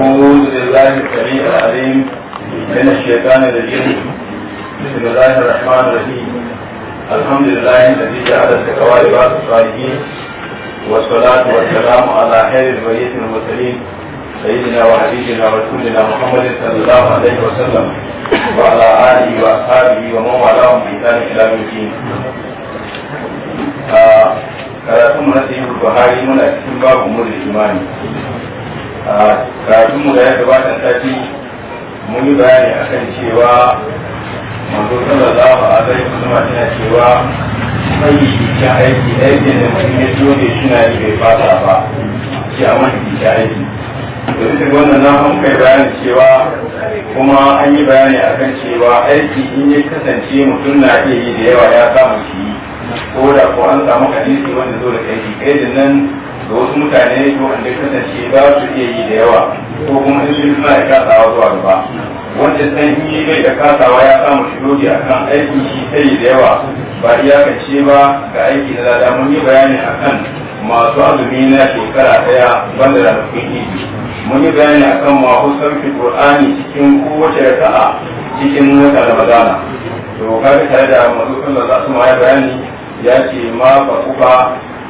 أعوذ بالله السميع العليم من الشيطان الرجيم بسم الله الرحمن الرحيم الحمد لله الذي جعل التقوى عباد الصالحين والصلاة والسلام على خير البرية المرسلين سيدنا وحبيبنا ورسولنا محمد صلى الله عليه وسلم وعلى آله وأصحابه ومن والاهم بإحسان إلى يوم الدين. karatun na sayi buhari muna cikin babu murin imani a karatunmu da ya gabata sati mun yi bayani a kan cewa za a sallallahu alaihi wasallam yana cewa mai shi aiki aiki da mutum ya dole shi na yi bai fata ba shi a mafi shi aiki da bisa wannan na an kai bayani cewa kuma an yi bayani a kan cewa aiki in ya kasance mutum na iya yi da yawa ya samu shi ko da ko an samu hadisi wanda zo da aiki kai nan da wasu mutane wanda kasance ba su iya yi da yawa ko kuma in sun suna da kasawa zuwa gaba wanda san yi bai da kasawa ya samu shigogi a kan aiki shi sai da yawa ba iyakance ba ga aiki na lada mun yi bayani a kan masu azumi na shekara daya banda da kun yi mun yi bayani a kan masu sarki qur'ani cikin kowace raka'a cikin wata ramadana to kaga tare da masu sallallahu alaihi bayani ya ce ma ba ba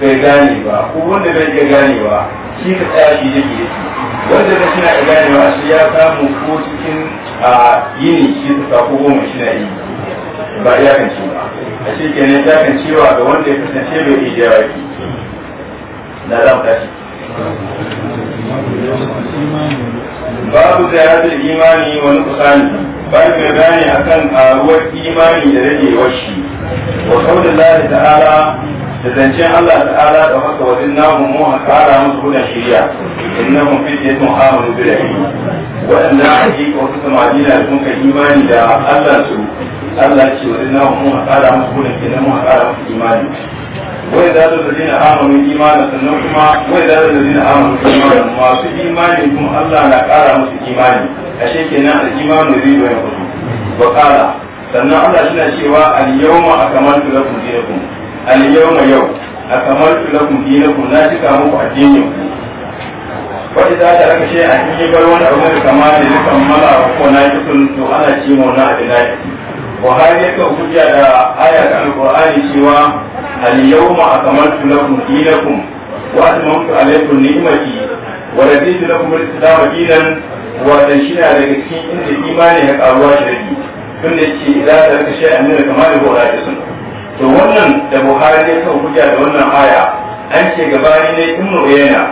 bai gane ba ko wanda bai iya ganewa shi ka tsaya shi ke yake wanda ba shi na iya ganewa shi ya samu ko cikin yini shi ta sa ko goma shi na yi ba ya kan ci ba a shi ne ya kan cewa ga wanda ya kasance bai iya jawa ki na za mu tashi babu da ya zai imani wani kusani bai mai gane akan karuwar imani da rage washi wa kaunin Allah ala da zancen Allah ta'ala da haka wajen namu mu a kara musu Allah su Allah ce wajen namu a kara musu gudan shirya mu a kara musu imani wai da da zina amanu imani sannan kuma wai da da zina amanu imani masu imani kuma Allah na kara musu imani ashe kenan al sannan Allah cewa al-yawma al-yawma yau akamaltu lakum dinakum na cika muku addinin wani za ta raka shi a cikin bar wani abu da kama da ya kammala ko na yi to ana ci mu na adinai Buhari ya kan hujja da aya ta alqur'ani cewa al-yawma akamaltu lakum dinakum wa atmamtu alaykum shi na daga cikin inda tunda nuna kama da na to wannan da buhari ya kawo hujja da wannan aya an ce gabani ne mu yana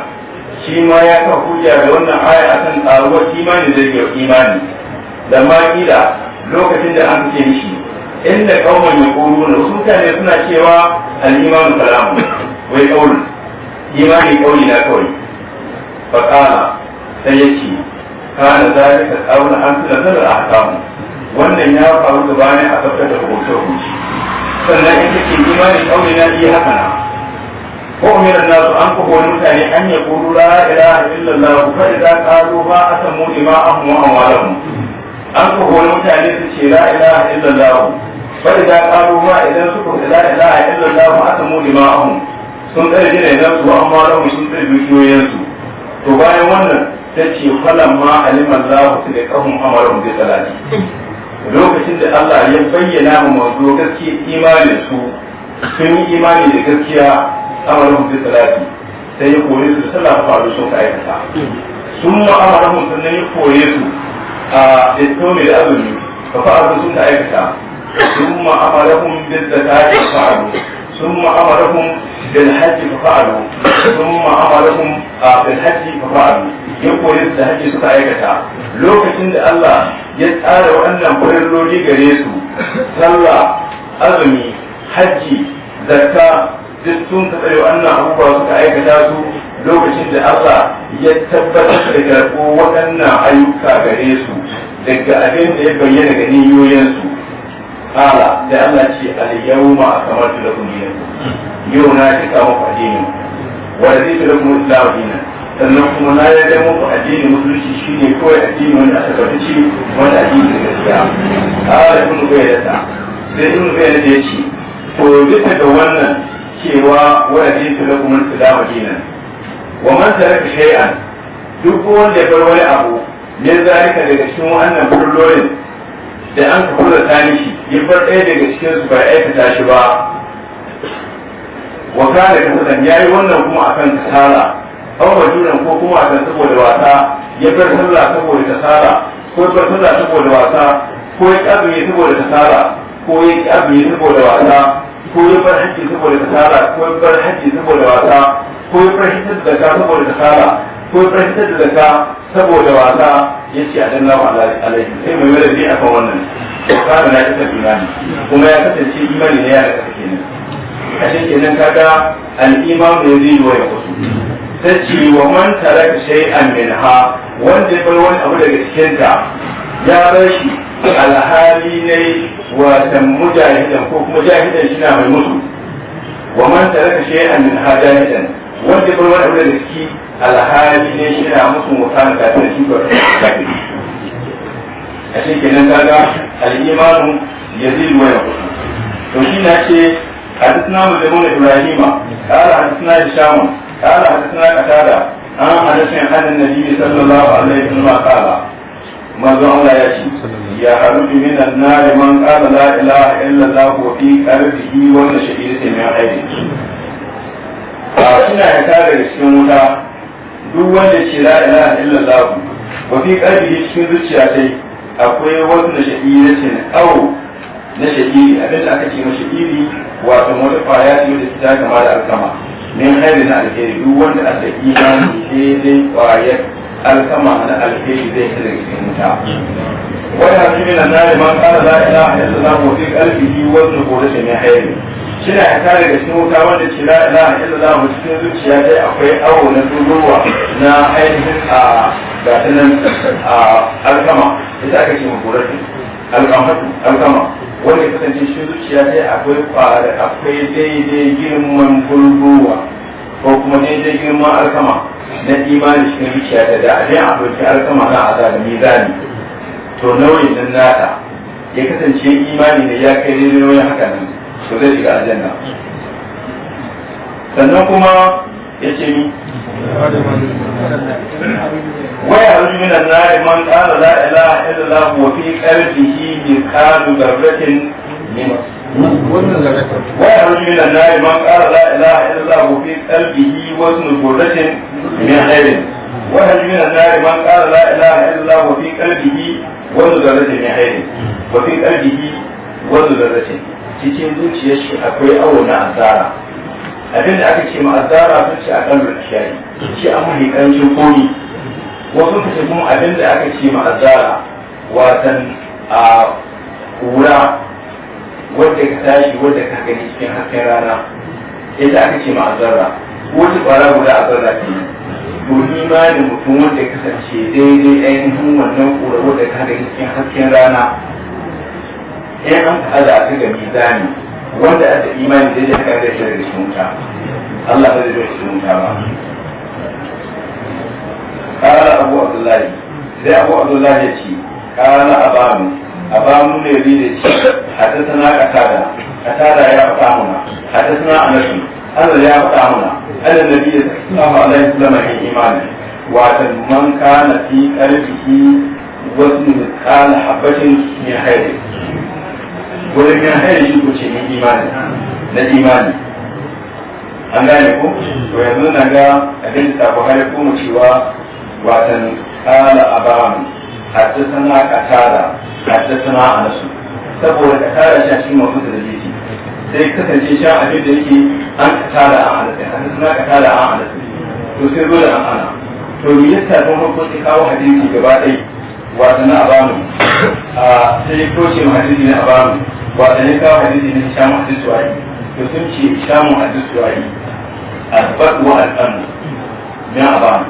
shi ma ya kawo hujja da wannan aya akan tsaruwar imani da yau imani da ma kila lokacin da an ce shi inda kauman yaquluna wasu mutane suna cewa al-imanu salam wai qaul imani qauli na kawai fa kana sai yace kana zalika qawla an tunzila ahkam wannan ya faru gabani a da hukunci sannan in take imanin kauli na iya haka na ko umira na su an kuma wani mutane an ya kuru la ilaha illallah fa idza qalu ma asamu ima'ahum wa amwalahum an kuma wani mutane su ce la ilaha illallah fa da qalu ma idan suka ce la ilaha illallah ma asamu ima'ahum sun tsare jinainan su wa amwalahum sun tsare dukiyoyinsu to bayan wannan ta ce falamma alimallahu sidqahum amarahum bi salati lokacin da Allah ya bayyana mu masu gaskiya imanin su sun yi imani da gaskiya amalin bi salati sai ya kore su sallah faru sun ka aikata sun ma amalin sannan ya kore su a da da azumi da fa sun ka aikata sun ma da ta salati faru ثم أمرهم بالحج ففعلوا ثم أمرهم بالحج ففعلوا يقول الحج سكايكتا لوكتين da Allah ya tsara waɗannan farilloli gare su sallah azumi hajji zakka duk sun ka wannan abubuwa suka aikata su lokacin da Allah ya tabbatar da karɓo waɗannan ayyuka gare su daga abin da ya bayyana ga niyoyinsu kala da Allah ce al-yawma akmaltu lakum dinakum yau na cika muku addini wa raditu lakum islam dinan sannan kuma na yarda ku addini musulunci shine kawai addini wanda aka tabbaci wanda addini da gaskiya kala ibn ubaydata sai ibn ubaydata ya ce to bisa ga wannan cewa wa raditu lakum islam dinan wa man taraka shay'an duk wanda ya bar wani abu min zalika daga cikin wannan burlorin da an ka kula ta mishi ya bar ɗaya daga cikin su ya aikata shi ba wa kana ya yayi wannan kuma akan kasala aw majunan ko kuma akan saboda wasa ya bar sallah saboda kasala ko ya bar sallah saboda wasa ko ya ya saboda kasala ko ya ya saboda wasa ko ya bar hajji saboda kasala ko ya bar hajji saboda wasa ko ya bar hajji da saboda kasala ko ya bar hajji da saboda wasa ya ce a danna wa alaihi sai mai mara biya kan wannan kana na kasa imani kuma ya kasance imani ne ya da kasa kenan a shi kenan kaga al'imam ne zai yi wa ya kusu ta ce wa man taraka shay'an minha wanda ya bar wani abu daga cikin ta ya bar shi alhali ne wa mujahidan ko kuma jahidan shi na mai mutu wa man taraka shay'an minha jahidan wanda bar wani abu da riski alhali ne shi na musu mutane kafin da shi ba kafin a shi kenan kaga al'imanu yazid wa yaqul to shi na ce حدثنا مسلمون ابراهيم قال حدثنا هشام قال حدثنا قتادة عن حدث na النبي صلى الله عليه وسلم قال manzo Allah ya ce ya harufi min annari man qala la ilaha illa Allah wa fi qalbihi wa shahidati min aibi ba ina yanka daga cikin wuta duk wanda ce la ilaha illallah wa fi qalbihi cikin zuciya sai akwai wasu na shahiratin aw na shahiri abin da aka ce ma shahiri wato wata kwaya ce da ta kama da alkama min na alheri duk wanda a aka imani daidai kwayar alkama na alheri zai shi daga cikin wuta wani hakimi na nari man kana la ilaha illallah wa fi qalbihi wasu na kodashin min khairin shine ya kare da cikin wuta wanda ce la ilaha illallah mu cikin zuciya dai akwai awo na dubuwa na ainihin a gatanan a alkama ita aka ce maburati alkamatu alkama wanda kasance shi zuciya dai akwai kwari akwai daidai girman bulbuwa ko kuma daidai girman alkama na imani cikin zuciya da da ajiyar a ɗauki alkama na azalimi zani to nauyin nan nata ya kasance imani da ya kai daidai nauyin haka nan to zai shiga aljanna sannan kuma ya ce mi waya harbi na annari man qala la ilaha illallah wa fi qalbihi mithqalu dharratin min waya harbi na annari man qala la ilaha illallah wa fi qalbihi waznu dharratin min khairin na من man kala قال لا اله الا الله وفي قلبه وزن ذره من خير وفي قلبه وزن ذره cikin zuciyar shi akwai awo na azara abin da aka ce ma azara sun ce a kan rukiyari shi an mahi ƙarancin komi wasu ce kuma abin da aka ce ma azara watan a kura wadda ka tashi wadda ka gani cikin hasken rana yadda aka ce ma azara wata fara guda azara ce to da mutum wanda kasance daidai ainihin wannan kura wadda ka gani cikin hasken rana in an ka aza mizani wanda aka imani da ya kare shi daga cikin Allah ba zai bai cikin ba kala abu abdullahi sai abu abdullahi ya ce kala abamu abamu ne bi da ce ya faɗa mana haddathana anas Allah ya faɗa mana annan nabi sallallahu alaihi wasallam ya imani wato man kana fi qalbihi wasu kana habatin min hayri wurin min hayar iko ce imani na imani an gane ko to yanzu na ga abin da Buhari ko cewa watan qala abam haddathana qatada haddathana anas saboda qatada shi cikin mutum da jiki sai kasance sha abin da yake an qatada an anas haddathana qatada an anas to sai dole an ana to me yasa don farko sai kawo hadisi gaba ɗaya watan abamu sai ko ce hadisi na abamu ba da ne kawo hadisi ne shamu a wayi. to sun ce shamu a disuwari albaɗu wa al'amu don abanu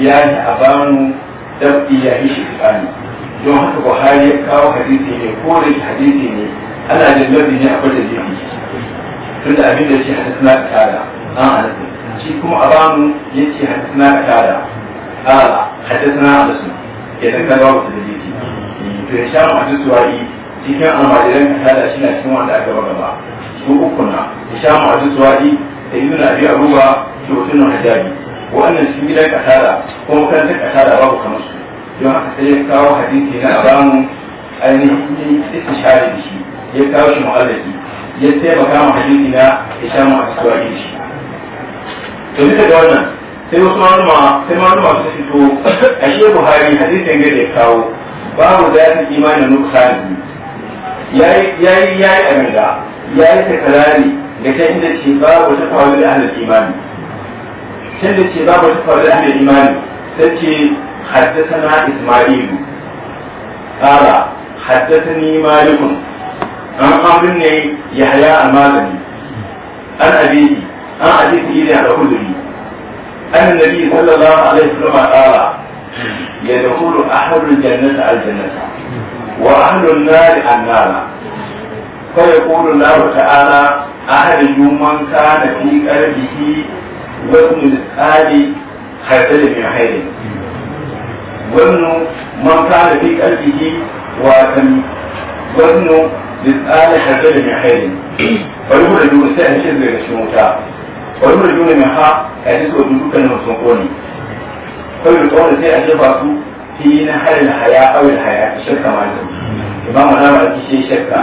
ya yi abanu dab'i ya yi shi don haka buhari ya kawo hadisi ne ko da hadisi ne ana da lardi ne akwai da jiki tun da abin da ce hadisna ka tada an hadisi shi kuma abanu ya ce hadisna ka tada A hadisna na da su ya zanga babu da jiki to ya shamu a disuwari cikin almajiran kasada shi na cikin wanda aka gaba gaba su uku na hisham abu suwadi da ibn abi aruba da wasu hijabi wannan cikin gidan kasada ko makarantar kasada babu kamar su don haka sai ya kawo hadisi na abamu ainihin istishari da shi ya kawo shi mu'allaki ya taimaka ma hadisi na hisham abu suwadi da shi to bisa ga wannan sai wasu malama sai malama su fito ashe buhari hadisin da ya kawo babu zafin imanin nuksani yayi yayi amira yayi takrari da ta inda ce babu ta faru da imani can da ce babu ta faru da imani sai ce haddasana isma'ilu qala haddasani malikun an amrin ne yahya al-madani an abihi an ya ne a khudri أن النبي صلى الله عليه وسلم قال يدخل أحد الجنة الجنة وأهل النار النار فيقول الله تعالى أهلهم من كان في قلبه وزن الآل خير من خير وزن من كان في قلبه وزن وزن للآل خير من خير فيخرجون سهل شذر الشموتا ويخرجون منها أجلس ودودك المسنقوني فيلقون سيئة جفاته في نهر الحياة أو الحياة الشركة معلوم إمام أنا ما شيء شركة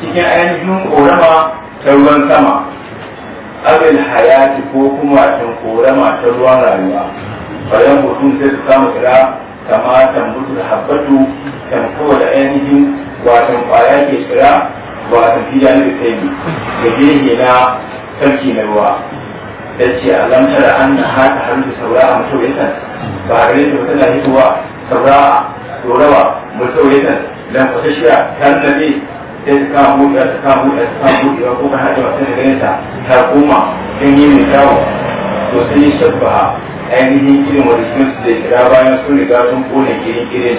cikin ainihin korama ta ruwan kuma watan ta ruwan rayuwa bayan mutum sai da habbatu tamko da ainihin watan da taimi ruwa da ce a lantar an na haka har da a mutum ya san ba a gare ta tana hitowa a dorawa mutum ya san dan kwasashiya ta nabi sai ta kama buɗe ta kama buɗe ta kama buɗe ko ka haɗe masu tana ganin ta ta koma sun yi mai kyawu to sun yi shabba ainihin irin wani sun da kira bayan sun riga sun kone kirin kirin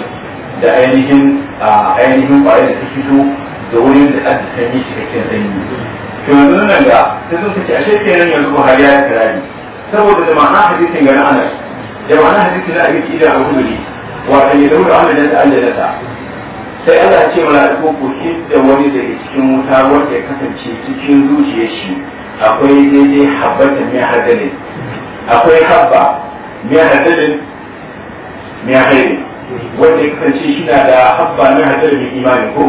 da ainihin a ainihin ƙwayar da ta fito da wurin da aka sanyi shi sanyi yanzu nan da sai sun kace ashe kenan yanzu Buhari ya kirari saboda da ma'ana hadisin ga Anas da ma'ana hadisin da ake da a hudri wa wata ne da Allah da Allah da sai Allah ya ce mala'iku ku da wani da cikin wuta wanda ya kasance cikin zuciyar shi akwai daidai habbatan mai hadalin akwai habba mai hadalin mai hadalin wanda ya kasance shi na da habba mai hadalin imani ko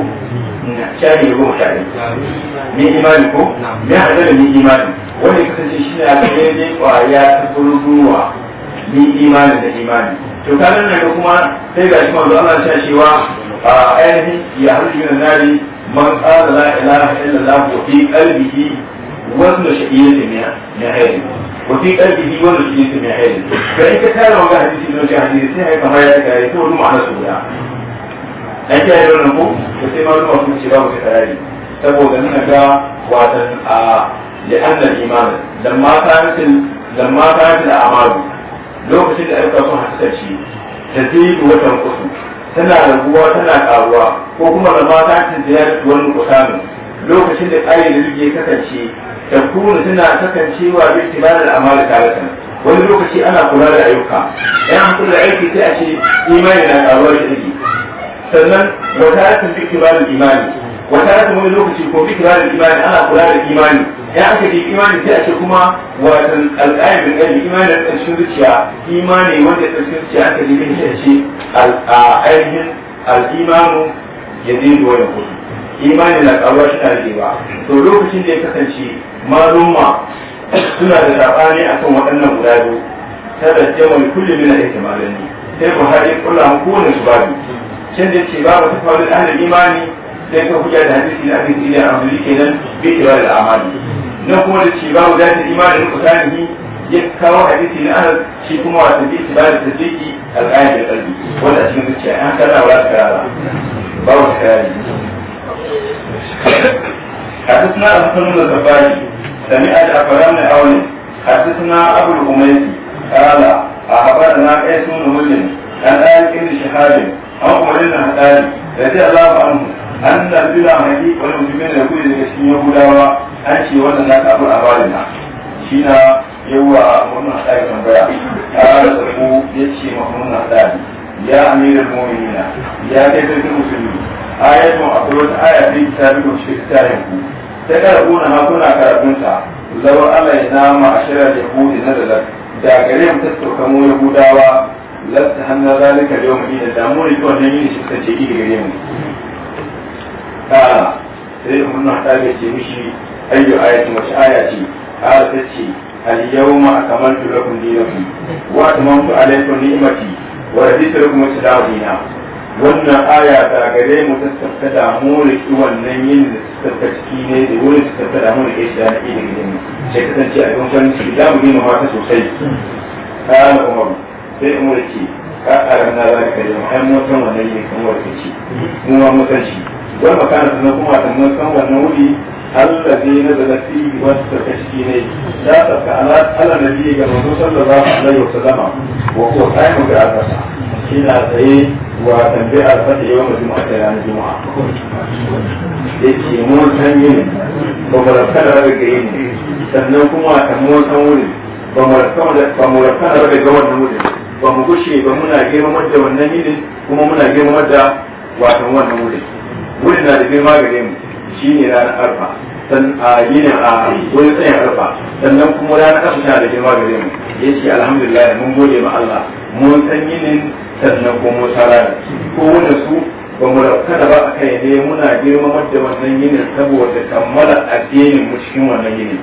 shani ya goma shani ni imani ko ni hadar ni imani wanda ya kasance shi ne a daidai kwaya ta gurguwa ni imani da imani to kanan daga kuma sai ga shi manzo Allah ya cewa a ainihin ya harbi min nari man qala la ilaha illa Allah wa fi qalbihi wazn shaqiyatin min hayy wa fi qalbihi wazn shaqiyatin min hayy fa in ka tara wa hadisi ne hadisi sai kamar ya ga ya to ma'ana su guda an kiyaye da wannan ko to sai maluma sun ce babu kirari saboda nuna ga watan a li'anna iman lamma ma lamma ta'atil amalu lokacin da aka aika sun haskace ta zidu watan kusu tana raguwa tana karuwa ko kuma da ma lamma ta'atil ziyaratu wani kusamin lokacin da ƙari da zuke kasance ta kuna tana kasancewa bin tibalar amali taratan wani lokaci ana kula da ayyuka yan kula da aiki sai a ce imani na karuwa da zigi sannan wata ratin fi kibarin imani wata ratin wani lokaci ko fi kibarin imani ana kula da imani ya aka bi imani sai a ce kuma watan alƙayin bin ƙarfi imani da ƙarshen zuciya imani wanda ƙarshen zuciya aka bi bin shi a ainihin al'imanu ya zai zuwa da kudu imani na ƙaruwa shi na rigewa to lokacin da ya kasance malumma suna da saɓani akan waɗannan guda biyu ta da jama'a kullum yana ihtimalin sai buhari kullum kowane su biyu. can da ce babu ta faru da ahlul imani sai ka hujja da hadisi da abin jiya a wuri kenan bai ke ba da amali na kuma da ce babu da ta imani da kusanihi ya kawo hadisi na anas shi kuma wata bi ta bada tajiki al'ayar da kalbi wanda a cikin zuciya an kana wa ta kara babu ta kara حدثنا أبو بن الزباري سمع الأفرام من أول حدثنا أبو الأميسي قال أخبرنا قيس بن مسلم عن آل بن شهاب an kwarin da hadari da zai alaba an an da bila haƙi wani mutumin da kuɗi daga cikin yahudawa an ce wannan na kafin a bada na shi na yawa wannan hadari tambaya ta da tsarku ya ce ma wannan hadari ya amiral mu'minina ya kai sarkin musulmi ayatun akwai wata aya ta kitabin da shi kitabin ku ta karɓuna na kuna karatunta zawar Allah ya nama a shirar yahudi na da da gare mu tattauka mu yahudawa lasta hanna zalika da yawon da damuwar ita wannan shi daga gare mu kara sai da kuma ce mishi ayyu wace aya ce ta ce al-yawma lakum dinakum wa alaykum ni'mati wa raditu lakum islamina wannan aya ta gare mu ta tsafta wannan da ciki ne da wurin tsafta damuwar ki shi da ke daga gare mu sai kasance a cikin da mu yi mata sosai kara Umar sai in ce ka na ba ka yi ai mun san wannan ne kuma shi mun ma mun san shi ba kana kuma mun san wannan wuri allazi ne da ta ka ala ala ga wa shi sai wa da yawan juma'a ta ranar juma'a yace mun san yin ba yin sannan kuma ta mun san wuri ba mu ga wannan wuri ba mu gushe ba muna girmamar da wannan yinin kuma muna girmamar da watan wannan wuri wuri na da girma gare mu ne ranar arfa san a yinin a wani tsayin arfa sannan kuma ranar arfa na da girma gare mu ce alhamdulillah mun gode ma Allah mun san yinin sannan kuma mun sarara ko wanda su ba mu kada ba a kai ne muna girmamar da wannan yinin saboda kammala addinin mu cikin wannan yinin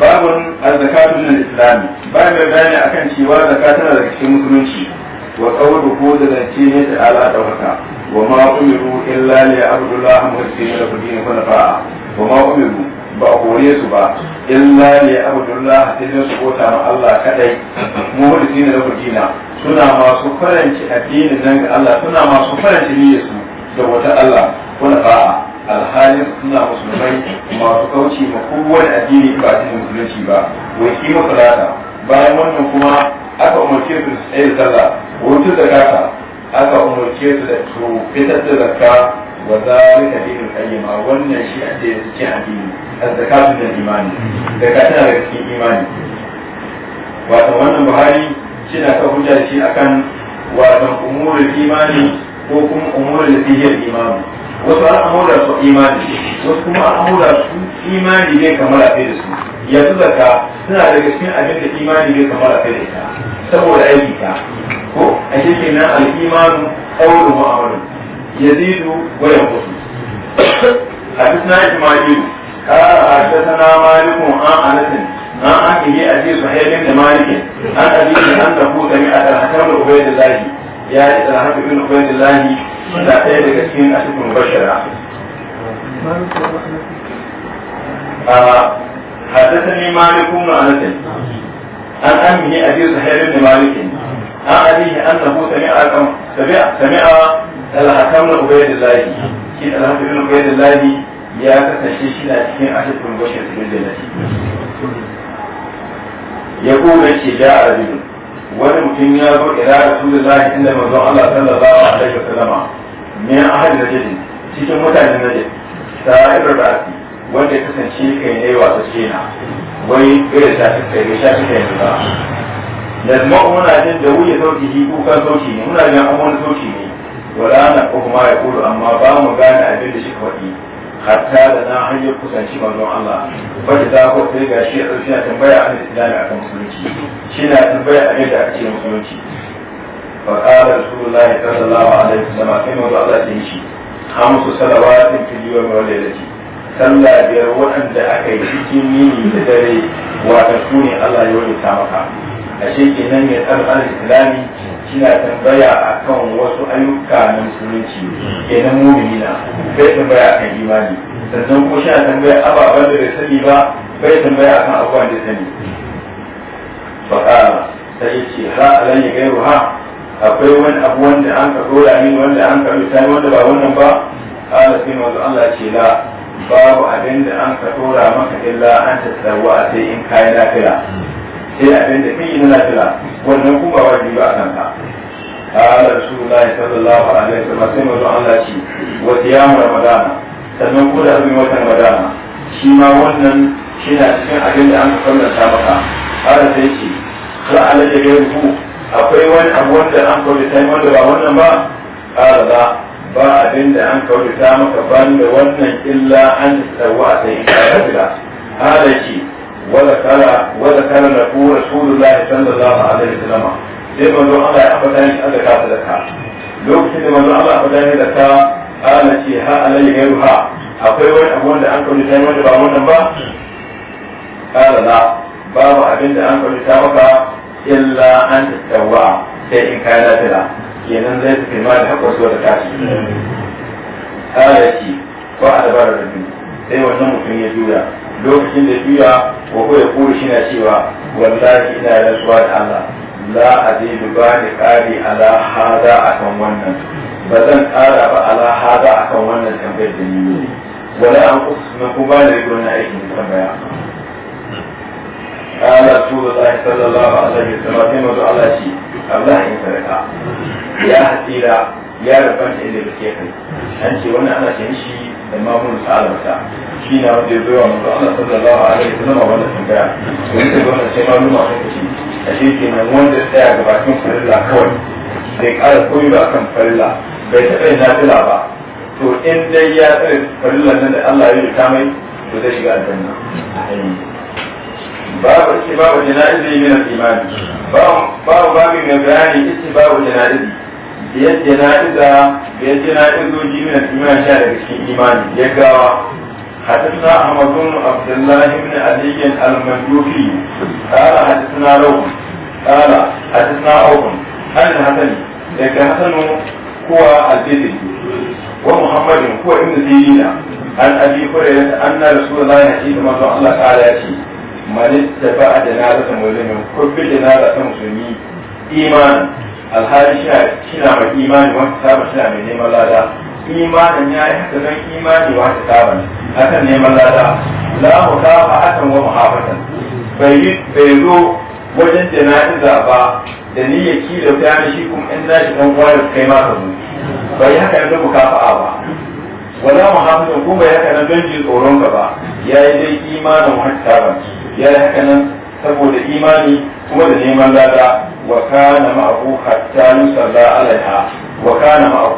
babun azzakatu min al-islam ba mai bayani akan cewa zakata tana da cikin musulunci wa qawlu ko da zance ne da ala dawaka wa ma umiru illa li abdullah muhsin lahu dinu fa'a wa ma umiru ba hore su ba illa li abdullah sai su kota ma Allah kadai mu muhsin lahu dinu suna masu karanci addinin nan ga Allah suna masu karanci niyyar su da wata Allah fa'a. alhalin suna musulmai masu kauce ma kowane addini ba ta musulunci ba wai kima salata bayan wannan kuma aka umarce su da tsaye da sallah wuce zakata aka umarce su da su fitar da zakka wa zalika dinul qayyima wannan shi addini su ce addini az-zakatu da imani zakata tana daga cikin imani wato wannan buhari shi na ka hujja shi akan wato umurul imani ko kuma umurul fihi al-imani wasu an amoda su imani wasu kuma an amoda su imani bai kamala kai da su yanzu zaka suna daga cikin abin da imani bai kamala kai da ita saboda aiki ta ko a shi kenan al-imanu qawlu wa amalu yazidu wa yanqusu حدثنا إسماعيل قال حدثنا مالك عن أنس عن أخيه أبي صهيب بن مالك عن أبيه أنه سمع الحكم عبيد الله يا الحكم بن عبيد الله suna ɗaya daga cikin asibitin bashara حدثني مالك بن انس عن امه ابي زهير بن مالك عن ابيه انه سمع سمع سمع الحكم بن عبيد الله shi alhaji bin ubayd Allah ya kasance shi na cikin ashirul bashir cikin jannati ya kuma ce da arabi wani mutum ya zo da rasulullahi inda mazan Allah sallallahu alaihi a min ahad jini cikin mutanen najdi da ake wanda ya kasance kai ne wato cena wai ta fi kai ne shafi kai ne ba yazma muna jin da wuya sauki shi kukan sauki ne muna jin wani sauki ne wala na kuma ya kudu amma ba mu gane abin da shi faɗi hatta da na hanyar kusanci manzon Allah wanda ta ko sai ga shi sai na tambaya an islami akan musulunci shi na tambaya a yadda ake musulunci fa qala rasulullahi sallallahu alaihi wasallam kai manzon Allah din shi hamsu salawatin fil yawmi wal lailati sallah biyar waɗanda aka yi cikin yini da dare wato sune Allah ya wani ta maka ashe kenan mai tsarar islami shina tambaya a kan wasu ayyuka na musulunci kenan mumini na bai tambaya akan imani sannan ko shina tambaya ababen da bai sani ba bai tambaya akan abubuwan da sani fakara ta yi ce ha alan ya gairu ha akwai wani abu wanda an ka dora ni wanda an ka misali wanda ba wannan ba ala sai manzo Allah ce la babu abin da an ka dora maka illa an a sai in kai lafiya sai abin da kai na nafila wannan kuma wajibi a kan kanka قال رسول الله صلى الله عليه وسلم سمع الله شيء وصيام رمضان sannan ko da azumin watan madana shi ma wannan shi na cikin abin da an kwallon ta maka har sai ce za ala laje ga rubu akwai wani abu wanda an kwallon ta wanda ba wannan ba ƙara ba ba abin da an kwallon ta maka ban da wannan illa an tsawo a sai in ka rabila har ce وذكر وذكر له رسول الله صلى الله عليه وسلم sai manzo Allah ya ambata shi aka ka sadaka lokacin da manzo Allah ya ambata shi da ka akwai wani abu wanda an kauli sai wanda ba wannan ba kana babu abin da an kauli ta maka illa an tattawa sai in kai lafiya kenan zai tafi ma da hakko wata da tashi ya ce ko a dabarar da sai wannan mutum ya juya lokacin da biya wa ko ya kuri shi na cewa wallahi ina rantsuwa da Allah la azidu ba ni qali ala hada akan wannan ba zan ƙara ba ala hada akan wannan tambayar da ni ne wala an kusa kuma da rigo na aikin tambaya قال رسول الله صلى الله عليه وسلم الله شيء الله يسرك يا حسيرة ya rabar da inda gaskiya kai an ce wannan ana ce mishi da mamun sa'alarsa shi na wanda ya zoya mutu Allah sallallahu alaihi wasallam wannan tambaya wani da wannan sai maluma sun kace a shi ke nan wanda tsaya ga bakin farilla kawai bai ƙara koyi ba akan farilla bai taɓa yin nafila ba to in dai ya tsare farilla nan da Allah ya rika mai to zai shiga aljanna babu babu jana'izi min al imani. babu babu babin bayani istibabu jana'izi biyar jana'iza biyar jana'izoji mina tumina sha daga cikin imani ya gawa حدثنا أحمد بن عبد الله بن علي المنجوفي قال حدثنا روح قال حدثنا عوف عن الحسن لكن حسن هو الجدي ومحمد هو ابن سيرين عن أبي هريرة أن رسول الله حكيم من الله قال يأتي من اتبع جنازة مسلم كل جنازة مسلمين إيمان alhali shina mai imani wanda saba shina mai neman lada imanin ya yi haka don imani wanda saba ne akan neman lada la mu saba hakan wa muhafatan bai bai zo wajen jana'iza ba da niyyar kila ta ne shi kuma in shi dan uwa da kai ma mu bai haka da kafa'a ba wala muhafatan kuma bai haka nan don ji tsoron ka ba yayi dai imanin wanda saba yayi haka nan saboda imani kuma da neman lada وكان معه حتى يصلى عليها وكان معه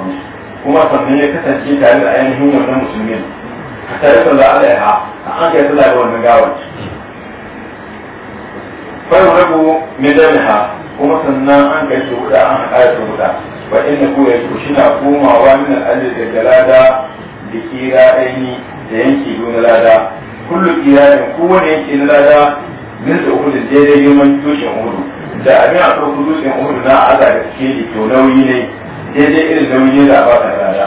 kuma sannan ya kasance tare da ainihin wannan musulmin hatta ya sallah alaiha a an kai sallah da wannan rabu min damiha kuma sannan an kai su guda an haɗa su guda fa ku ya ku shi na komawa min al'ajir da galada da kira da yanki na lada kullu kira da kowane na lada min da uku daidai girman hudu da abin a ɗauku dutsen uhudu na aza da suke yi to nauyi ne daidai irin nauyi ne da ba ta rada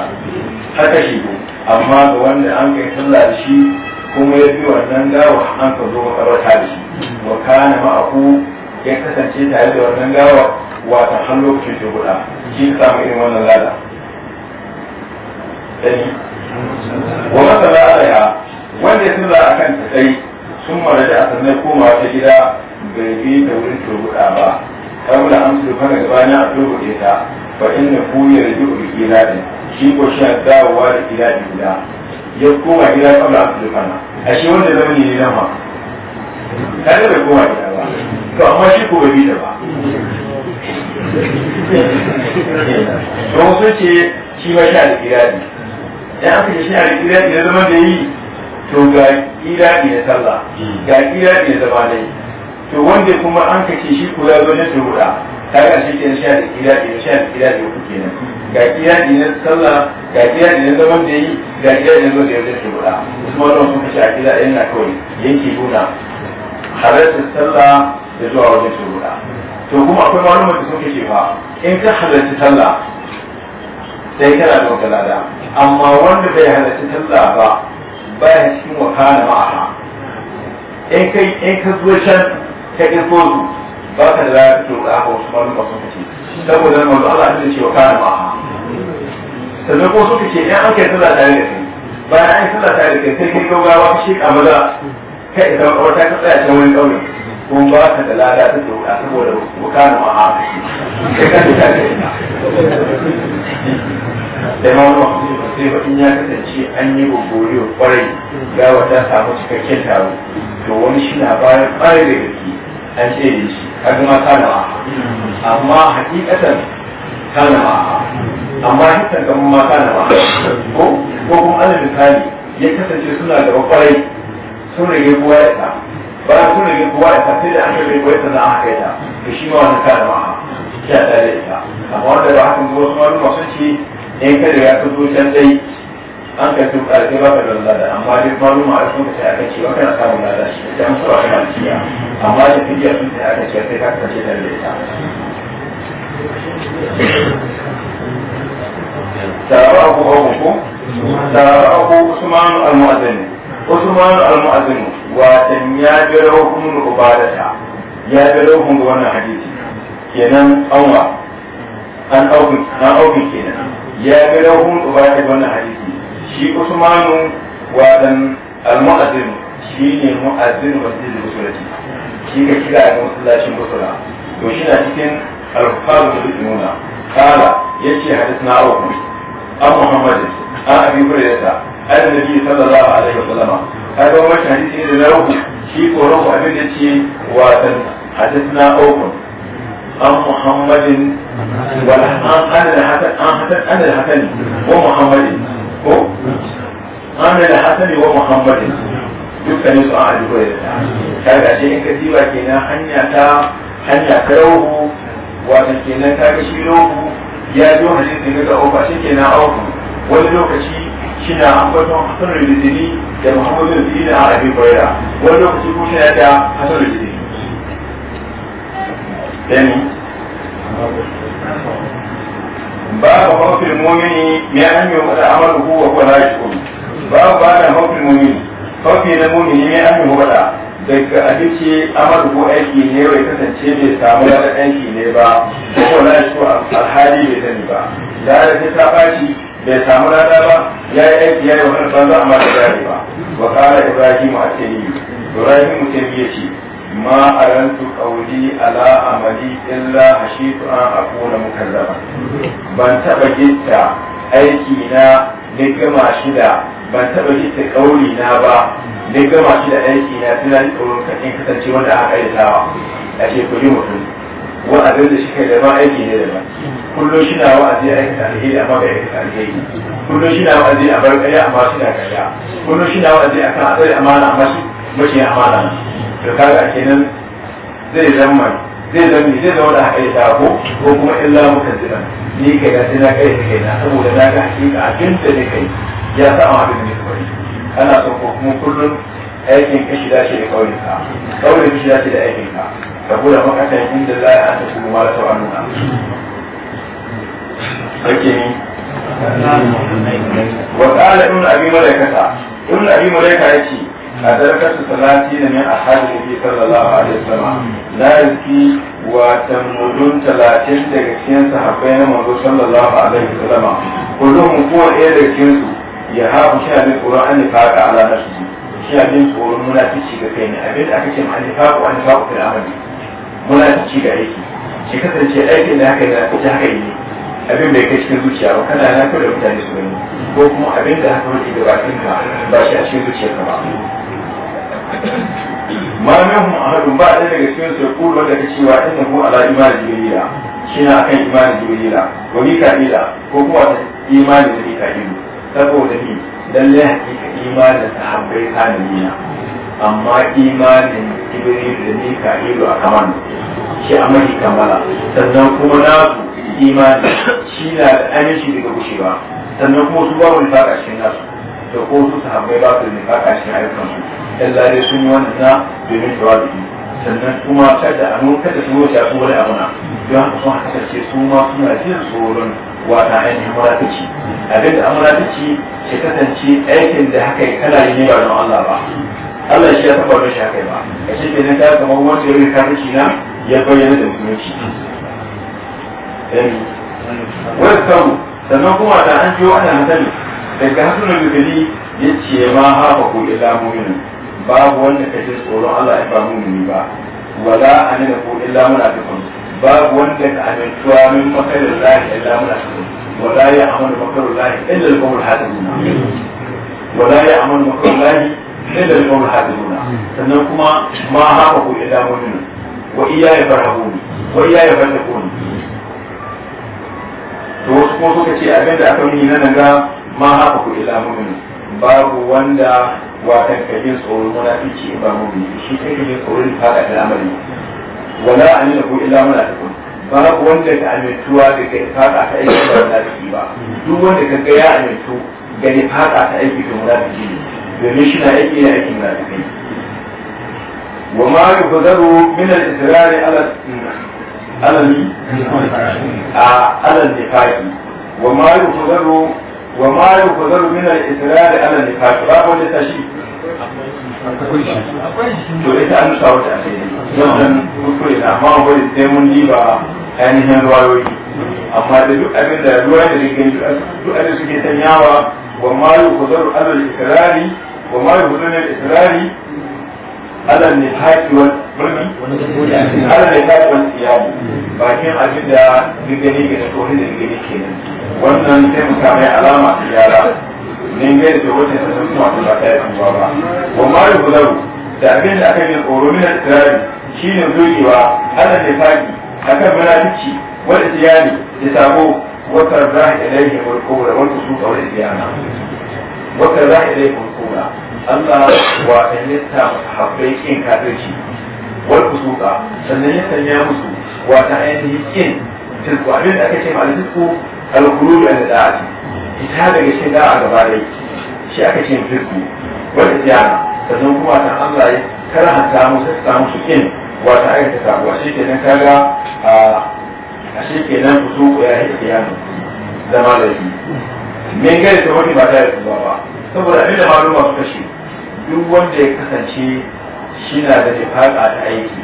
haka shi ko amma ga wanda an kai sallah da shi kuma ya bi wannan gawa an ka zo makarauta da shi wa kana aku ya kasance tare da wannan gawa ta har lokacin da guda shi ka samu irin wannan lada dani wa masala alaiha wanda ya sallah akan ta sai sun mara da a komawa ta gida bai bi da wurin turbuɗa ba kawula an su fara gabanin a turbuɗe ta fa inna kuyar ji ul kiladi shi ko shi dawowa da kiladi guda ya koma gida kawula an su fara a shi wanda zama ne na ma tare da koma gida ba to amma shi ko bai bi da ba don sun ce shi ma sha da kiladi dan aka ce shi da kiladi na zama da yi to ga kiladi na sallah ga kiladi na zama da yi to wanda kuma an kace shi kula ya zo da turuda kaga shi ke shi da kira da shi da kira da kuke nan ga kira din na sallah ga kira din na zaman da yi ga kira din zo da yau da turuda kuma don su kace kira din na kawai yake nuna halartar sallah da zuwa wajen turuda to kuma akwai malumar da suke cewa in ka halarci sallah sai kana da wata lada amma wanda bai halarci sallah ba baya cikin wakana ma'a in kai in ka zo can ka irko ko ba ka da lafiya to da aka wasu malum ba sun kace saboda manzo Allah ya ce wa kana ma sannan ko suka ce in an kai sallah tare da kai bayan an yi sallah tare da kai sai kai gaugawa ka shi kamala kai ita makawarta ka tsaya can wani ƙauye ko ba ka da lada ta ce wa saboda wa kana ma a kashi kai ka ta da ina da ma wani sai ba in ya kasance an yi gogoriyo kwarai gawa ta samu cikakken taro to wani shi na bayan kwarai da gaske an ce da shi kaga ma kana ba amma hakikatan kana ba amma hitan kuma ma kana ba ko ko kuma alal misali ya kasance suna da kwarai sun rage kowa ya ta bayan sun rage kowa ya ta sai da an rage kowa ya ta na aka kai ta to shi ma wannan kana ba ya ta da ita amma wanda ba hakan zuwa su ma sun ce in kada ya fito can dai an ka tuka sai ba ka da lada amma duk maluma a sun sai aka ce ba kana samun lada shi sai an suwa kana ciya amma da fidiya sun sai aka ce sai ka kace da lada تراه قومكم تراه عثمان المؤذن عثمان المؤذن وتم يابلوهم عبادة يابلوهم وانا حديثي kenan anwa an auki kenan ya ga rahun ubata wannan hadisi shi usmanu wadan al-mu'azzin shi ne mu'azzin shi kira ga masallacin to shi na cikin al kala yace hadisna abu an an abi sallallahu alaihi wannan hadisi shi abin da ce hadisna abu ko ana da hasani wa muhammadin dukkanin su an aliko da ta kaga in ka diba kenan hanya ta hanya ta rahu wato kenan ta ga shi rahu ya zo hadisi ga ofa shi kenan auku wani lokaci shi shina ambaton hasan rijini da da rijini a abi baira wani lokaci ko shina da hasan rijini babu hafin mumini mai an yi wata amal hu wa kwana shi kun babu ba da hafin mumini hafin na mumini mai an yi wata daga abinci amal hu aiki ne wai kasance bai samu da aiki ne ba ko kwana shi ko alhali bai sani ba da ya ce ta fashi bai samu lada ba ya yi aiki ya yi wani a ma da jari ba wa kala ibrahim a ce ni ibrahim mutum ya ce ma arantu qawli ala amali illa hashitu an akuna mukallama ban taba gitta aiki na ni gama ban taba gitta qawli na ba ni gama aiki na tunani tsoron ka in wanda aka yi tawa ake ku yi mutum wa'azin da shi kai da ma ne da ba kullo shi na wa'azi a aikata alheri amma shi na wa'azi a amma shi na shi na wa'azi amana shi mashi amana to kaga kenan zai zama zai zama zai zama da haƙari ta ko ko kuma illa muka zira ni kai da sai kai da kai na saboda na ga hakika abin da ni kai ya sa ma abin da ni kai ana so ko kuma kullum aikin kashi dace da kaurin ka kaurin kashi dace da aikin ka saboda makatan inda za a ta kuma mara sau annuna sarki wa qala ibn abi malaikata ibn abi malaika yace أدركت ثلاثين من أحد النبي صلى الله عليه وسلم لا يزكي وتمدون ثلاثين دقيقين صحابين منذ صلى الله عليه وسلم كلهم قوة إيه دقيقين يهاب شيئا من قرآن النفاق على نفسه شيئا من قرآن منافسي كفين أبيت أكتم النفاق والنفاق في العمل munafiki ga aiki shi kasance aikin da haka da ta haka yi abin bai kai cikin zuciya ba kana na kula mutane su gani ko kuma abin da haka wuce gabatin ka ba shi a cikin zuciya ka ba ma minhum ahadun ba ɗaya daga cikin su yaqulu wanda ka cewa innahu ala imani jibrila shine akan imani jibrila wa mika'ila ko kuma imani da mika'ilu saboda ni lalle hakika imani da sahabbai kanina amma imanin jibril da mika'ilu a kaman shi a mahi kamala sannan kuma na imani shi na da aminci daga gushewa sannan kuma su ba babu nifaka cikin nasu da ko su sahabbai ba su da kaka shi ayyukan su illa dai sun yi wannan na domin jawabi sannan kuma kada a nuna kada su wuce a wani abu na don haka sun kasance su ma suna jin tsoron wata ainihin murataci abin da amurataci ke kasance aikin da haka ya kala ne ba don Allah ba Allah shi ya taba don shi haka ba a shi kenan ta kamar wanda ya rika kashi na ya bayyana da mutunci wani samu sannan kuma da an jiyo ana hasali daga hasan al-gani yace ma hafa ku illa babu wanda kace tsoron Allah ya ba mu'mini ba wala anina ku illa munafiqun babu wanda ka amintuwa min lahi illa munafiqun wala ya amanu makarin lahi illa al wala ya lahi illa al-qawmul hasibun sannan kuma ma hafa ku illa mu'min wa iyaya farhabuni wa iyaya farhabuni to wasu kuma suka ce abinda aka yi na nan ga ma haka ku ila mu'mini babu wanda wa kajin tsoron munafici ba mu'mini shi sai kajin tsoron da al'amari wala anina ku ila munafiqun babu wanda ka amintuwa daga faɗa ta aiki ba munafiki ba duk wanda ka ga ya amintu ga ni fada ta aiki da munafiki ne domin shi na aiki ne aikin munafiki wa ma yuhdaru min al-israr ala ala al-nifaqi wa ma yuhdaru wa ma yuqdaru min al-israr ala nifaq ba ko to ita an sa wata ake wannan kuskure na amma wani sai mun diba ainihin ruwayoyi amma da duk abin da ruwa da rikin duk abin suke sanyawa wa ma yuqdaru ala al wa mayu yuqdaru min al على النفاق على النفاق والصيام bakin abin da gani ga tsohon da gani kenan wannan sai mu alama ta yara ne ga da wata ta san ba ta yi ba ba wa ma da abin da aka yi tsoro min al shi shine zogewa ala nifaqi akan munafici wanda tiyani da sabo wata rahi ilaihi wal qawla wal suqa wal iyana wata rahi ilaihi wal qawla Allah wa ya ta habbai ƙin kafirci wal kusuka sannan ya sanya musu wa ta ainihi kin tilku abin da aka ce ma tilku al-qulubi an da'ati ita daga cikin da'a gaba dai shi aka ce tilku wani tiyana sannan kuma ta Allah ya karanta musu ta musu kin wa ta ta wa shi nan kaga a shi nan kusuku ya hikiyanu zama laifi me gari da wani ba ta yi ba saboda da maluma suka ce duk wanda ya kasance shi na da nifaka ta aiki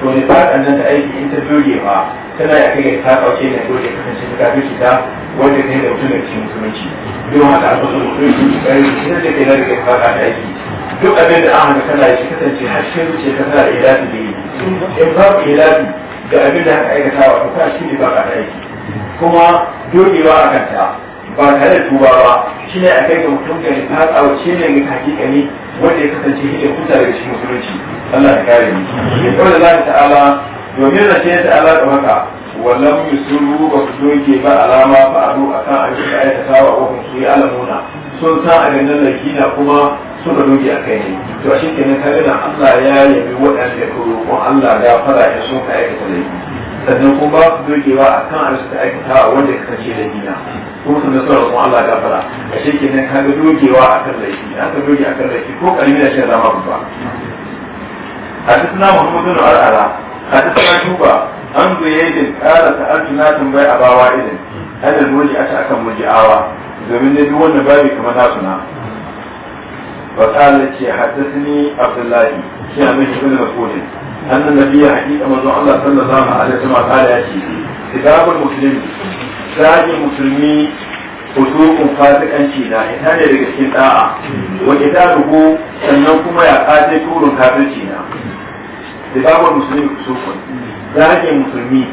to nifakan nan ta aiki in ta doge ma tana ya kai ta kauce ne dole kasance ta shi ta wanda yi da mutum da cikin musulunci don haka a kusa shi ki kai shi da kai na da nifaka ta aiki duk abin da an haka kana shi kasance har shi zuciya ka tana da ilafi da yi in babu ilafi da abin da aka aikata wa to kana shi nifaka ta aiki kuma dogewa a kanta ba tare da tuba ba shi ne a kai ga mutum ga ta tsawo shi ne ga hakika ne wanda ya kasance shi ne kuta daga cikin musulunci Allah ya kare mu shi da Allah ta'ala domin da ta Allah da haka wallan yusuru ba su doge ba alama ba a ruwa kan cikin yi ta wa wakon su yi alamuna sun san a ganin da na kuma suna doge a kai ne to shi kenan kare na Allah ya yabi waɗanda ya kuro Allah ya fara ya sun ka aikata laifi sannan kuma ba su dogewa a kan arsu da aikata wanda ya kasance da dina kuma sannan suna roƙon Allah gafara a shekin nan ka ga dogewa a kan laifi a kan doge a kan laifi ko ƙarfi da shan zama babba حدثنا محمود بن عرعرة حدثنا شوبة عن زيد قال سألت ناس بيع أبا وائل a المرجعة أكم awa domin da bi wannan babi kamar nasu na wa kala ce ni abdullahi shi a mai shi wani masudin أن النبي حقيقة من الله صلى الله عليه وسلم قال يأتي كتاب المسلم ساجي مسلمي فسوق فاسق أنشي لا إنسان يدرك الشتاء وكتابه سنوكما يقاتل كور كافر شينا كتاب المسلم فسوق ساجي مسلمي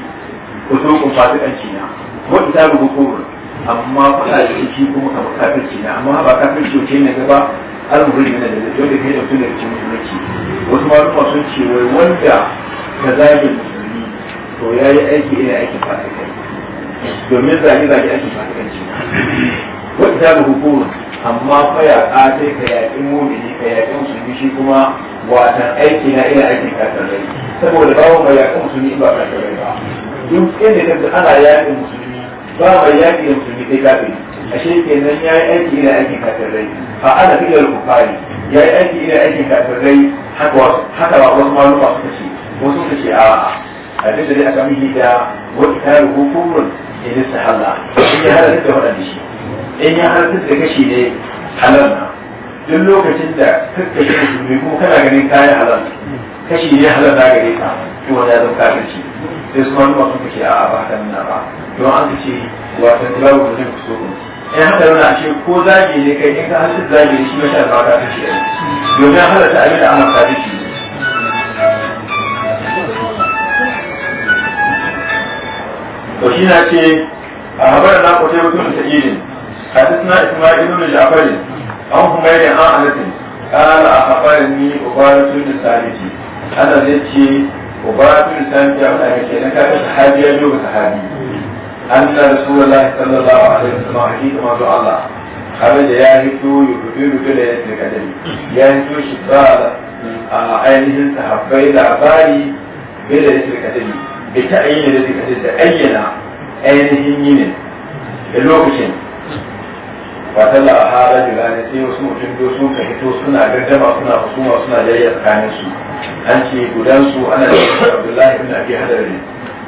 فسوق فاسق أنشي لا وكتابه كور amma kuna da shi kuma kamar kafirci ne amma ba kafirci ce ne ba har mu gani da wanda kai da kullum cikin musulunci wasu malama sun ce wai wanda ka zage musulmi to ya yi aiki irin aikin fasikai domin zage zage aikin fasikanci wanda ta ga hukumar amma fa ya kace ka yaƙin mumini ka yaƙin musulmi shi kuma watan aiki na ina aiki kafirai saboda babu mai yaƙi musulmi ba kafirai ba duk inda kaga ana yaƙin musulmi ba mai yaƙin musulmi kai kafiri ashe kenan yi aiki ina aiki kafirai fa'ala fi al-kufari aiki ina aikin kafirai haka haka wasu suka ce suka ce a da aka mihi da wani kare hukumun idan in ya halatta da waɗanda shi in ya halatta da kashi ne halal na duk lokacin da kana ganin kayan halal kashi ne halal na gare ka to ya zama kafirci sai su suka ce a ba haka nuna ba an ce tilawa ya haka yana ce ko zage ne kai in ka hasu zage shi mashi albarka ta ce domin halatta abin da amurka ta ce to shi na ce a habar na kwace mutum ta irin hadisna isma'il ibn ja'far an humayri an alatin qala akhbarani ubaratu bin saliki ana zai ce ubaratu bin saliki ya faɗa ke na kaga sahabi ya biyo sahabi أن رسول الله صلى الله عليه وسلم حكيم مع الله خرج يا هتو يقتل كلا يتكلم يا شبال ainihin sahabbai labari bai da suka kadari bai ta ayyana da suka kadari da ayyana ainihin yinin da lokacin ba ta la'ahara da gane sai wasu mutum do sun ka hito suna gardama suna husuma suna jayya an gudansu ana da abdullahi ibn abi hadarin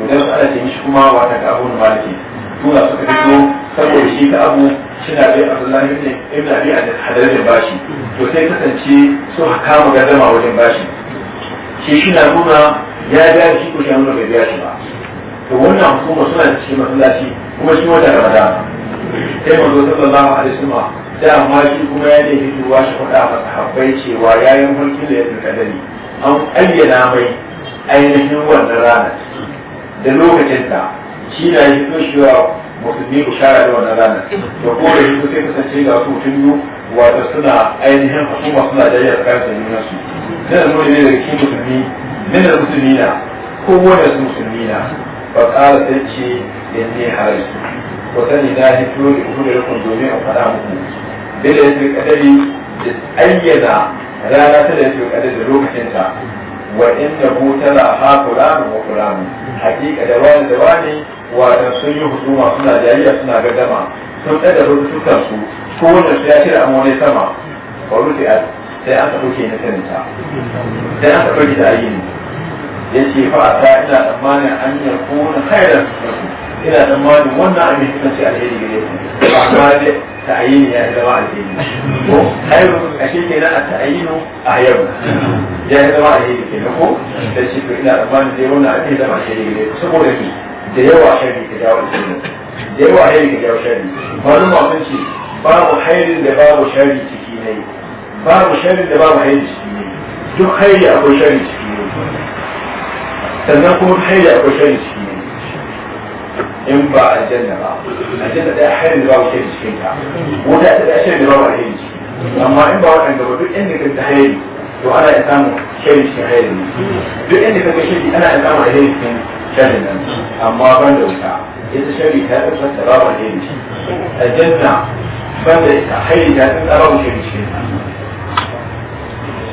idan ana jin shi kuma wata ka abu na maliki tuna suka fito saboda shi ka abu shina bai abdullahi ibn ibn abi hadarin bashi to sai kasance su kama gadama wajen bashi shi shi na nuna ya biya shi ko shi nuna bai biya shi ba to wannan hukuma suna da cikin masallaci kuma shi wata ramadana sai manzo sallallahu alaihi wasallam da amma shi kuma ya ne fitowa shi faɗa masa habbai cewa yayin mulkin da ya tsirkadari an ayyana mai ainihin wannan ranar da lokacinta shi na yi so shi wa musulmi shara da wannan ranar da da shi sai kasance ga su mutum biyu wato suna ainihin hukuma suna jayya tsakanin da nuna su sai da nuna ne da ke musulmi ne da musulmi na ko wani su musulmi na ba kara sai ce in ne harai ko sani na hito da kuma da rukun domin a faɗa muku dai da ya fi kadari da ayyana rana ta da ya fi kadari da lokacinta wa inda hu tana ha kuranu wa kuranu hakika da wani da wani wadan sun yi husuma suna jariya suna gaddama sun ɗaga rubutukan su ko wanda su ya shirya amma wani sama ba rufe a sai an taɓa ke na sanita sai an taɓa gida a yi ne ya ce fa a ta ina tsammanin an yi kuna hairar su ina tsammanin wannan abin kasance alheri gare su ba ma da ta'ayini ya zama alheri ko ai a shi kenan a ta'ayinu a yau ya zama alheri kenan ko da shi to ina tsammanin dai wannan abin zama alheri gare su saboda ni da yawa shari ka jawo alheri da yawa shari ka jawo shari wani mamun ce babu hairin da babu shari ciki ne babu shari da babu hairi ciki ne duk hairi akwai shari ciki ne sannan kuma duk hairi akwai shari ciki ne in ba aljanna ba aljanna da harin ba wuce cikin ta wuta ta da shirin ba wuce amma in ba waɗanda ba duk inda ka ta hairi to ana ya samu shirin cikin hairi duk inda ka ta shiri ana ya samu hairi cikin shirin nan amma ban da wuta ita shiri ta fi fasta ba ba hairi aljanna ban da ita hairi ta fi tsara wuce cikin ta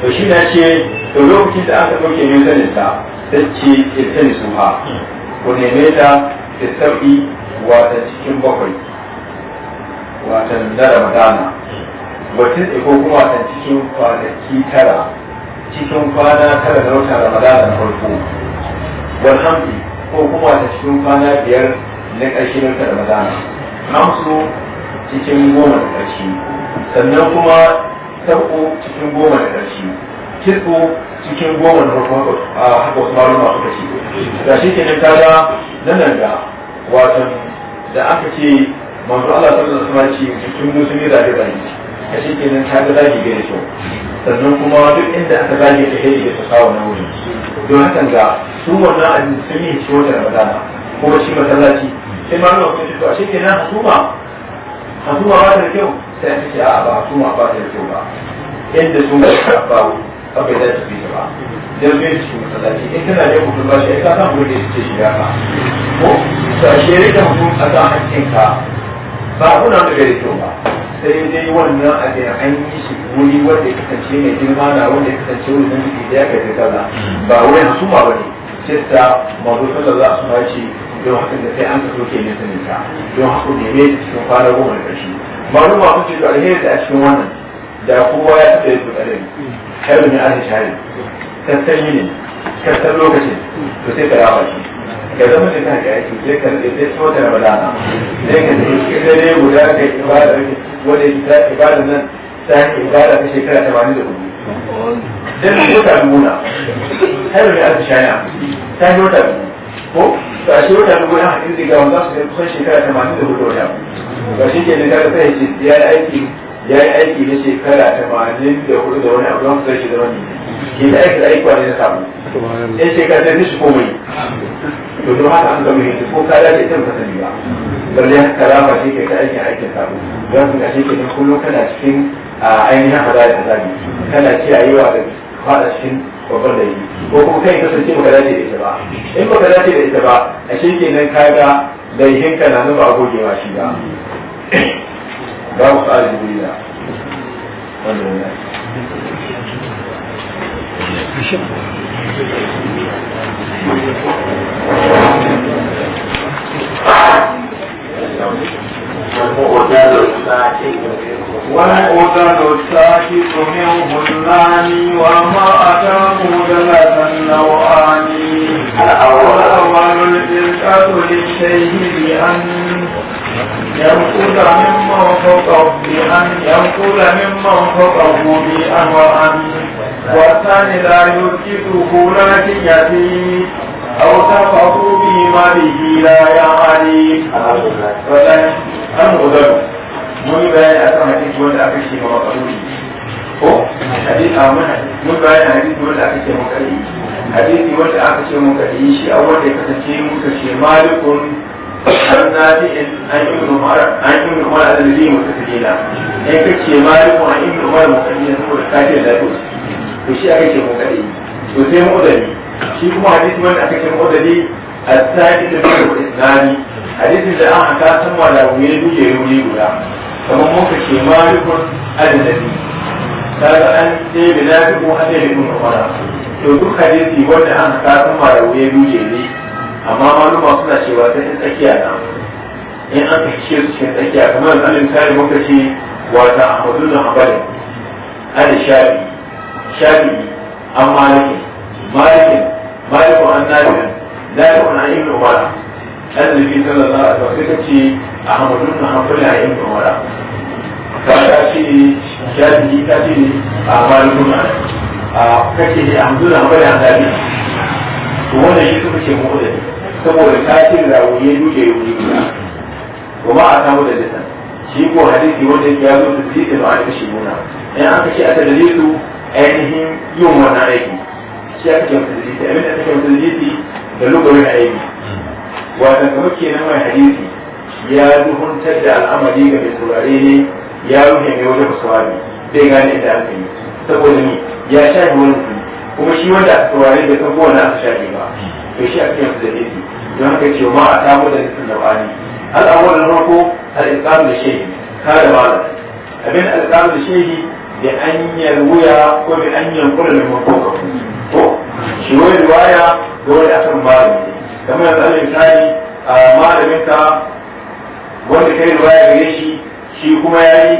to shi na ce to lokacin da aka ɗauke ne sanin ta ta ce ita ne su ha ku neme ta da sauƙi wata cikin bakwai wata na ramadana wata ko kuma wata cikin kwanaki tara cikin kwana tara na wata ramadana na farko walhamdi ko kuma wata cikin kwana biyar na ƙarshe na wata ramadana hamsu cikin goma da ƙarshe sannan kuma sauko cikin goma da ƙarshe tirko cikin goma na a haka wasu maluma suka ce da shi ta da nan ga watan da aka ce manzo Allah sallallahu alaihi wasallam ce cikin musulmi da ga zagi da shi kenan kaga zagi ga ne sannan kuma duk inda aka zagi ta hedi da tsawa na wuri don hakan ga su wannan abin sun yi ciwo da ramadana kuma shi masallaci sai maluma suka ce to a shi nan hasuma hasuma ba ta da kyau sai aka ce a ba hasuma ba ta da kyau ba yadda su ba ka bai dace bi ba dan bai cikin masallaci in kana da mutum ba shi ka san gode ce shi ka ko shi shere da mutum a kan hakkin ka ba kuna da gare to ba sai dai wannan abin an yi shi wuri wanda ya kasance mai girma na wanda ya kasance wuri nan da ya kai kaza ba wurin suma ba ne sai mazu sallallahu alaihi wasallam ce don haka da sai an ka soke ne sanin ta don haka ne mai cikin kwana goma da kashi maluma sun ce alheri da a cikin wannan da kowa ya fita da su kai ne an shari tattan yini tattan lokacin to sai ka raba shi ka zama da ka ga aiki sai ka sai so da ramadana sai ka sai dare guda ka ibada wanda ta ibada nan sai ka ibada ta shekara 84 dan wata nuna kai ne an shari ta yi wata ko ta shi wata nuna hadin da ga wanda su kusan shekara 84 wata ba shi ke ne ka sai ya aiki ya yi aiki na shekara tamanin da hudu da wani abu zan kusa shi da wani ke da aiki da aiki wani na samu ya shekara ta nishi komai to don haka an gama yanzu ko kada da ita ba sani ba balle ya karama shi ke ta aikin aikin samu don kuma shi ke kullum kana cikin ainihin hadari da zabi kana ciyayewa da fada cikin babban da yi ko kuma kai kasance ka dace da ita ba in ba ka dace da ita ba a shi kenan kaga laihinka na nuna a gogewa shi ba باب قال جبريل والمؤتاد الساعتين ويؤذن الساكت منهن وامرأة مدلة نوعان الأول الإرقة للشيء أن ينقل ممن فوقه بأن ينقل ممن فوقه بأن وأن والثاني لا يسكته لكن يزيد أو تفقه بماله لا يعلم فلن أن أذن mun bayani akan hadisi wanda aka ce ma kalli ko hadisi a ah, mun mun bayani hadisi wanda aka ce ma kalli hadisi wanda aka ce ma kalli shi a wanda ya kasance muka ce malikun an nabi an yi umar an yi umar a dalili mutakallila in ka ce malikun an yi umar mutakallila saboda kafin da to shi aka ce ma kalli to sai mu dalili shi kuma hadisi wanda aka ce mu dalili الثاني تبعه الإسلامي حديث اللي أنا كاتم ولا ويلي يولي ولا kamar muka ce malikun ta ga an ce da lafi ko an ce da fara to duk hadisi wanda an ba da wuya duje ne amma maluma suna cewa sai in tsakiya na in an ce su cikin tsakiya kamar da alim sai muka ce wata ahmadu na abali ali shafi shafi an maliki malikin malikun an nafi nafi an ibn umara annabi sallallahu alaihi wasallam sai kace ahmadun na hanbali a yin kamara ka ta ce shafi ka ce a malikun a kace ahmadun na hanbali a zabi to wannan shi suka ce mu da saboda tasirin rawiye duke yuri kuma a samu da lisan shi ko hadisi wanda ya zo da zai da ma'ana shi muna in an kace a tadlisu ainihin yin wannan aiki shi aka ce mutadlisi abin da aka ce mutadlisi da lugarin aiki wata kamar kenan mai hadisi ya duhuntar da al'amari ga mai turare ne ya rufe mai wajen musamman bai gane inda aka yi saboda ni ya shafi wani mutum kuma shi wanda aka turare da kan kowane aka shafi ba to shi aka yanzu da hadisi don haka ce ma a tabo da nufin da bani al'awar na farko al'ikamu da shehi kada malam abin al'ikamu da shehi da anyar wuya ko da anyar kula da mafi ko shi wani riwaya da wani akan malami kamar yanzu alal misali malamin ka wanda kai riwaya gare shi shi kuma ya yi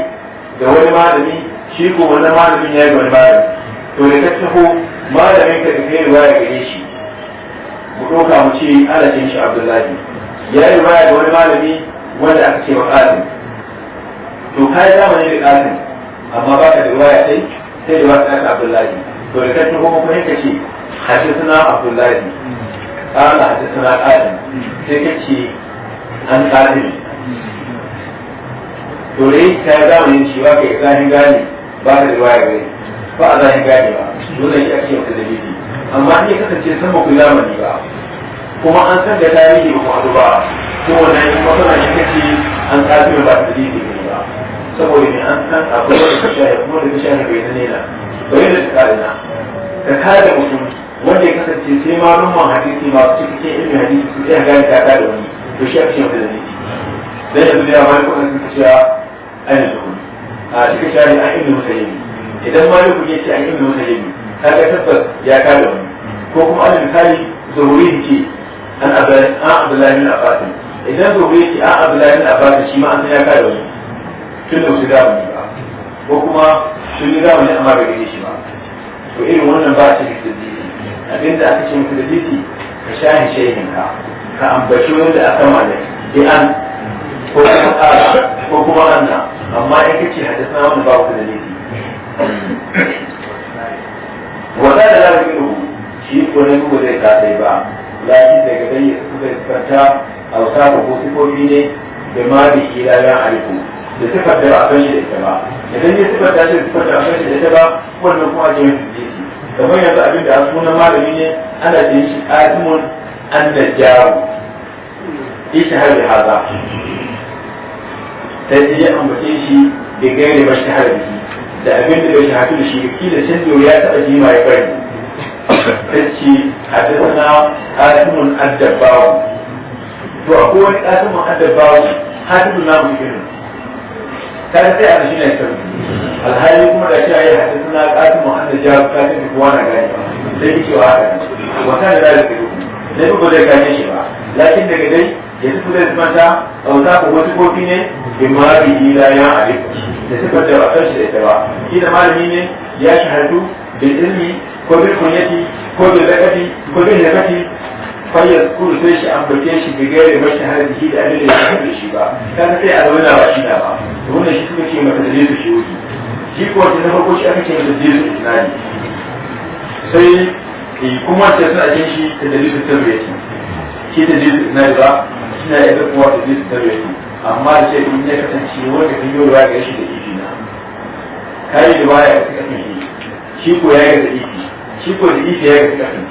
da wani malami shi ko wani malamin yi wani malami to da ka taho malamin ka da kai riwaya gare shi mu ɗauka mu ce ana cin shi abdullahi yi riwaya da wani malami wanda aka ce wa qasim to yi zamani da qasim amma ba ka da riwaya sai sai da wata abdullahi to da ka taho kuma ka ce حدثنا suna abdullahi قال حدثنا آدم سكتي عن قادم تريد كذا من شواك إبراهيم قال بعد الرواية غير بعد إبراهيم قال دون أن يأتي متدليلي أما أن يكتب تسمى كل من يبقى kuma an san da tarihi ba mu ba ko wannan kuma kana shi kace an tafi ba da dalili ba saboda ne an san da shi kuma da shi ne bai nena bai da ka mutum wanda ya kasance sai ma malumman hadisi masu cikin ilmin hadisi su iya gane ta da wani to shi ake mata da ne dan yanzu da mai kuma suka ce ayin zuhuri a cikin shari'a an ilmin musayyimi idan maliku ya ce an ilmin musayyimi ta ga tabbas ya ka da wani ko kuma alal misali zuhuri ce an abdullahi bin abbas idan zuhuri ce an abdullahi bin abbas shi ma an san ya ka da wani tun da su da wani ba ko kuma sun yi zamani amma bai gani shi ba to irin wannan ba shi da Abinda aka ce mutu da jiki ka ni shehin ka ka ambaci wanda aka mala bi an ko kuma ƙara ko kuma anna amma ya kace ce hadisa wanda ba ku da jiki wanda da lafi ido shi ko na duba zai kasai ba lafi daga dai ya suka fata a wasa ko sifofi ne da ma da ila ya alifu da sifar da a san shi da ita ba idan ya sifar da shi da sifar da a san shi da ita ba wannan kuma ake yin sujjeti kamar yanzu abin da sunan malami ne ana ce shi qadimun an da jaru isha har da haza sai ya ambace shi da gaire ba shahara da da abin da bai shahatu da shi kila sun ya taɓa jima ya bari تجي حدثنا آدم الدباو وأقول آدم الدباو حاتم النام الكريم kan sai a shi ne kai alhali kuma da shi ayi hadisi na kasu muhammad jawab ka ta kuwa na gani sai ki wa haka wa kan da da yi sai ku da ka shi ba lakin daga dai ya su da mata au za ku wasu kofi ne imari ila ya yi da su da ba kan shi da ba shi da malami ne ya shahadu bil ilmi ko bil kunyati ko bil laqabi ko bil fayyar kuru sai shi ambace shi da gare mashi har da shi da adalci ya shi da shi ba kan sai a zauna ba shi da ba da wannan shi kuma ke mata da jesu shi wuri shi kuma ta zama ko shi aka ce mata da su isnadi sai eh, kuma ta suna ajin shi ta ta rufe shi ta dalilu isnadi ba suna iya ga kowa ta dalilu tabbiyati amma da ce in ya kasance wanda kan yi ruwa ga shi da ifi na kayi da baya ga kasance shi shi ko ya yi da ifi shi ko da ifi ya da kasance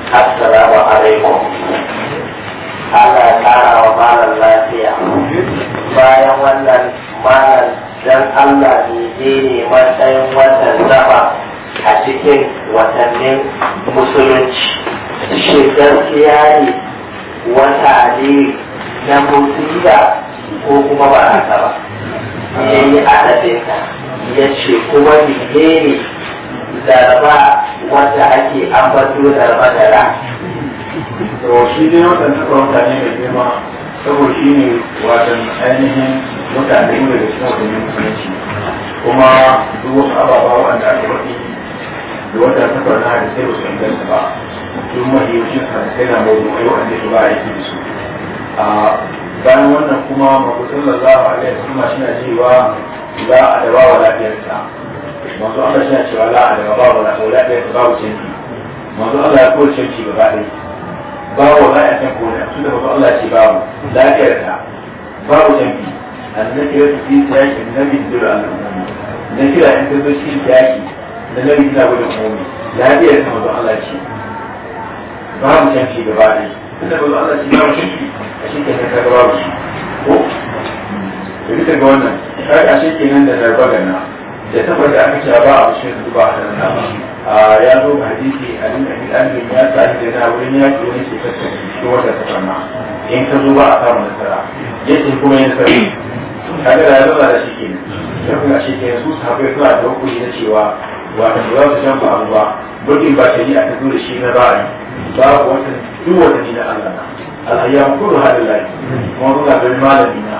assalamu alaikum ana ya kara wa malam lafiya bayan wannan malam dan Allah ne ne matsayin watan zaba a cikin watannin musulunci shi gaskiya ne wata ne na musiba ko kuma ba a ba ya yi adadinta ya ce kuma ne zarba wanda ake ambato zarba da ra to shi ne waɗanda kuma mutane da girma Sabo shi ne wajen ainihin mutane ne da cikin wajen musulunci kuma duk wasu ababa wanda aka faɗi da wanda ta na da sai wasu inganta ba tun mahimmancin sa sai na mai mai wanda shi ba aiki da su bayan wannan kuma mafi sallallahu alaihi wasallam shi na cewa za a dabawa lafiyarsa manzo Allah shi cewa la'a daga babu na kaula ɗaya ta babu canji manzo Allah ya kore canji gaba ɗaya babu ba ya san kore tunda manzo Allah ce babu lafiyar ta babu canji annakira ta fi tashi nabi dole al'ummi nakira in ta zo shi tashi da nabi tana gwada umumi lafiyar ta manzo Allah ce babu canji gaba ɗaya tunda manzo Allah ce babu canji a shi ke ta babu shi ko da bisa ga wannan kaga ashe kenan da zarba gana da da aka cewa ba a cikin duba a nan ba ya zo hadisi a nan da ɗalibin ya sa shi da na wurin ya ce wani shekar da shi wata tafarna in ka zo ba a samu nasara ya ce kuma ya nasara kaga da ya zama da shi ke ya kuma shi ke su sahabbai suna da hukumi na cewa wata ba za su shan ba ba mulkin ba shari'a ta zo da shi na ra'ayi ba wata duk wata ni na Allah na kudu kullu hadallahi kuma muna ganin malami na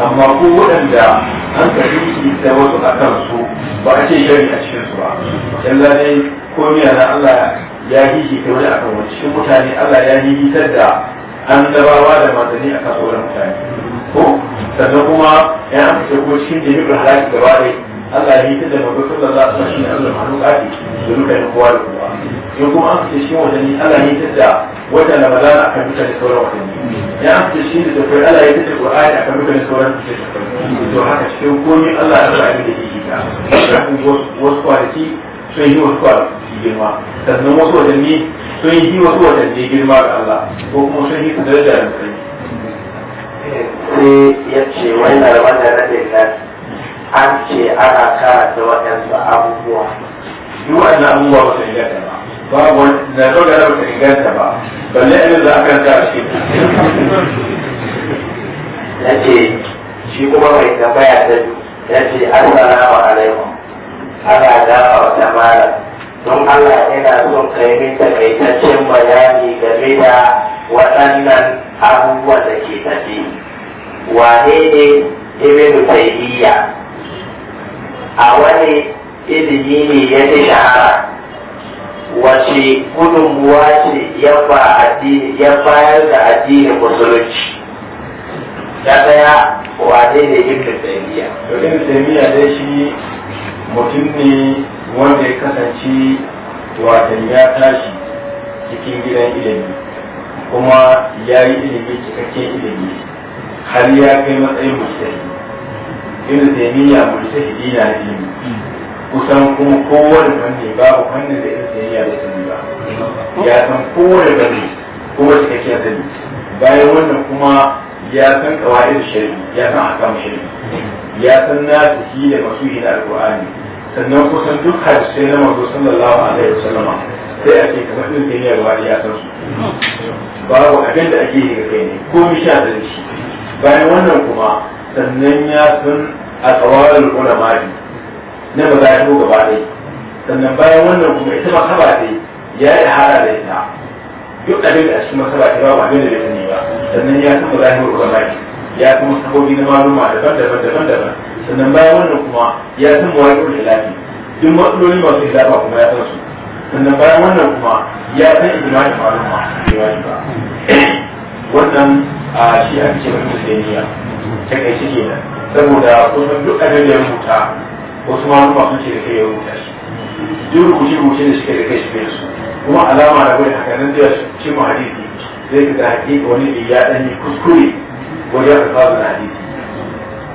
amma ko waɗanda an karbi su da wasu a su ba a ce gari a cikin su ba yalla dai ko miya na Allah ya shi ta wani akan wani cikin mutane Allah ya hihi ta da dabawa da matani a kasuwar mutane ko sannan kuma ya amince ko cikin jami'ar halaki gaba ɗaya Allah ya yi da mabu sallallahu alaihi wasallam shine Allah mahlukati da duka da kowa da kowa in kuma an fice shi watanni Allah ya yi da wata na maza a kan duka da sauran watanni ya an fice shi da kai Allah ya yi da a kan duka da sauran watanni to haka cikin komai Allah ya sa da yake ka kafin wasu kwanaki sun yi wasu kwanaki girma sannan wasu watanni sun yi wasu watanni girma ga Allah ko kuma sun yi su daraja da mutum sai eh, ya ce wani na da wannan rade an ce ana karanta waɗansu abubuwa duk waɗannan abubuwa ba su inganta ba babu wani na zo da ba su inganta ba balle ne za a karanta a cikin na ce shi kuma mai tambaya ta ya ce assalamu alaikum ana gafa wata mara don Allah yana son ka yi min takaitaccen bayani game da waɗannan abubuwan da ke tafi wane ne ibn taymiyyah a wani ilimi ne ya fi shahara wace gudunmuwa ce ya bayar da addinin musulunci ta daya wa ne ibn taymiya to ibn taymiya dai shi mutum ne wanda ya kasance watan ya tashi cikin gidan ilimi kuma ya yi ilimi cikakken ilimi har ya kai matsayin musulunci ibn taymiya mujtahidi na dini kusan kuma kowane fanni babu fannin da ibn taymiya da sani ba ya san kowane fanni kuma cikakken sani bayan wannan kuma ya san qawaid shari'i ya san ahkam shari'i ya san na nasihi da masuhi da alqur'ani sannan kusan duk hadisai na manzo sallallahu alaihi wasallam sai a ce kamar ibn taymiya ba ya san su babu abin da ake yi ga kai ne ko mi da shi bayan wannan kuma sannan ya sun a tsawarar ulama ne na ba za a shigo gaba ɗaya sannan bayan wannan kuma ita masaba ce ya yi hara da ita duk abin da a cikin masaba ce ba ba da ya sani ba sannan ya san ba za a shigo gaba ɗaya ya kuma sabobi na maluma daban-daban daban-daban sannan bayan wannan kuma ya san kuma hilafi duk matsaloli masu hilafa kuma ya san su sannan bayan wannan kuma ya san ijima'in maluma bai ba wannan shi ake ce wani musulmiya take shi kenan saboda kusan duk abin da ya rubuta wasu maluma sun ce da kai ya rubuta shi duk rubuce rubuce da suke da kai shi bai su kuma alama da wani haka nan da shi mu hadisi zai ka ga wani da ya dan yi kuskure wajen alfazu na hadisi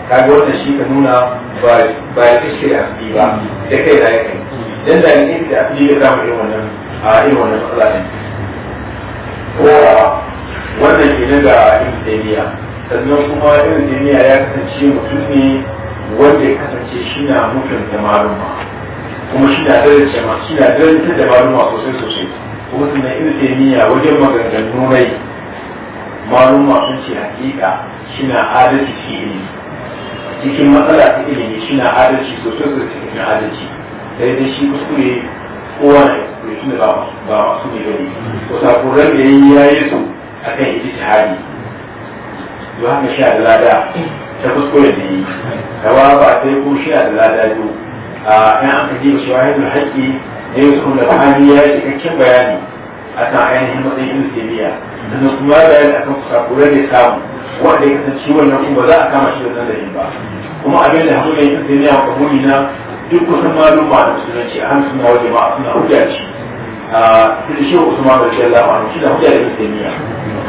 kaga wannan shi ka nuna ba ba ya kashe da asali ba da kai da ya kai dan da ne da asali ya samu irin wannan a irin wannan matsala ne wannan ke nan ga ibn taymiya sannan kuma irin jami'a ya kasance mutum ne wanda ya kasance shi na mutunta maruma kuma shi na daraja ma shi na daraja da maruma sosai sosai kuma sannan irin jami'a wajen maganganu mai maruma sun ce hakika shi na adalci cikin ilimi cikin matsala ta ilimi shi na adalci sosai sosai cikin adalci sai dai shi kuskure kowa na kuskure shi ba masu ne gani ko sakon rage yayi ya yi su akan ijtihadi yohana shi da lada ta kuskure da yi rawa ba sai ko shi da lada biyu a yan aka ji shi wahid yanzu haqqi ne yusuf da fahimi ya yi cikakken bayani akan ainihin matsayin ibn taymiya sannan kuma ya bayani akan kusakure da samu wanda ya kasance wannan kuma za a kama shi da yin ba kuma abin da hakuri ibn taymiya ko mumina duk kusan ba da musulunci a hannu suna wajen ba suna hujja shi sai shi Usman da Allah wa shi da hujja da Taymiya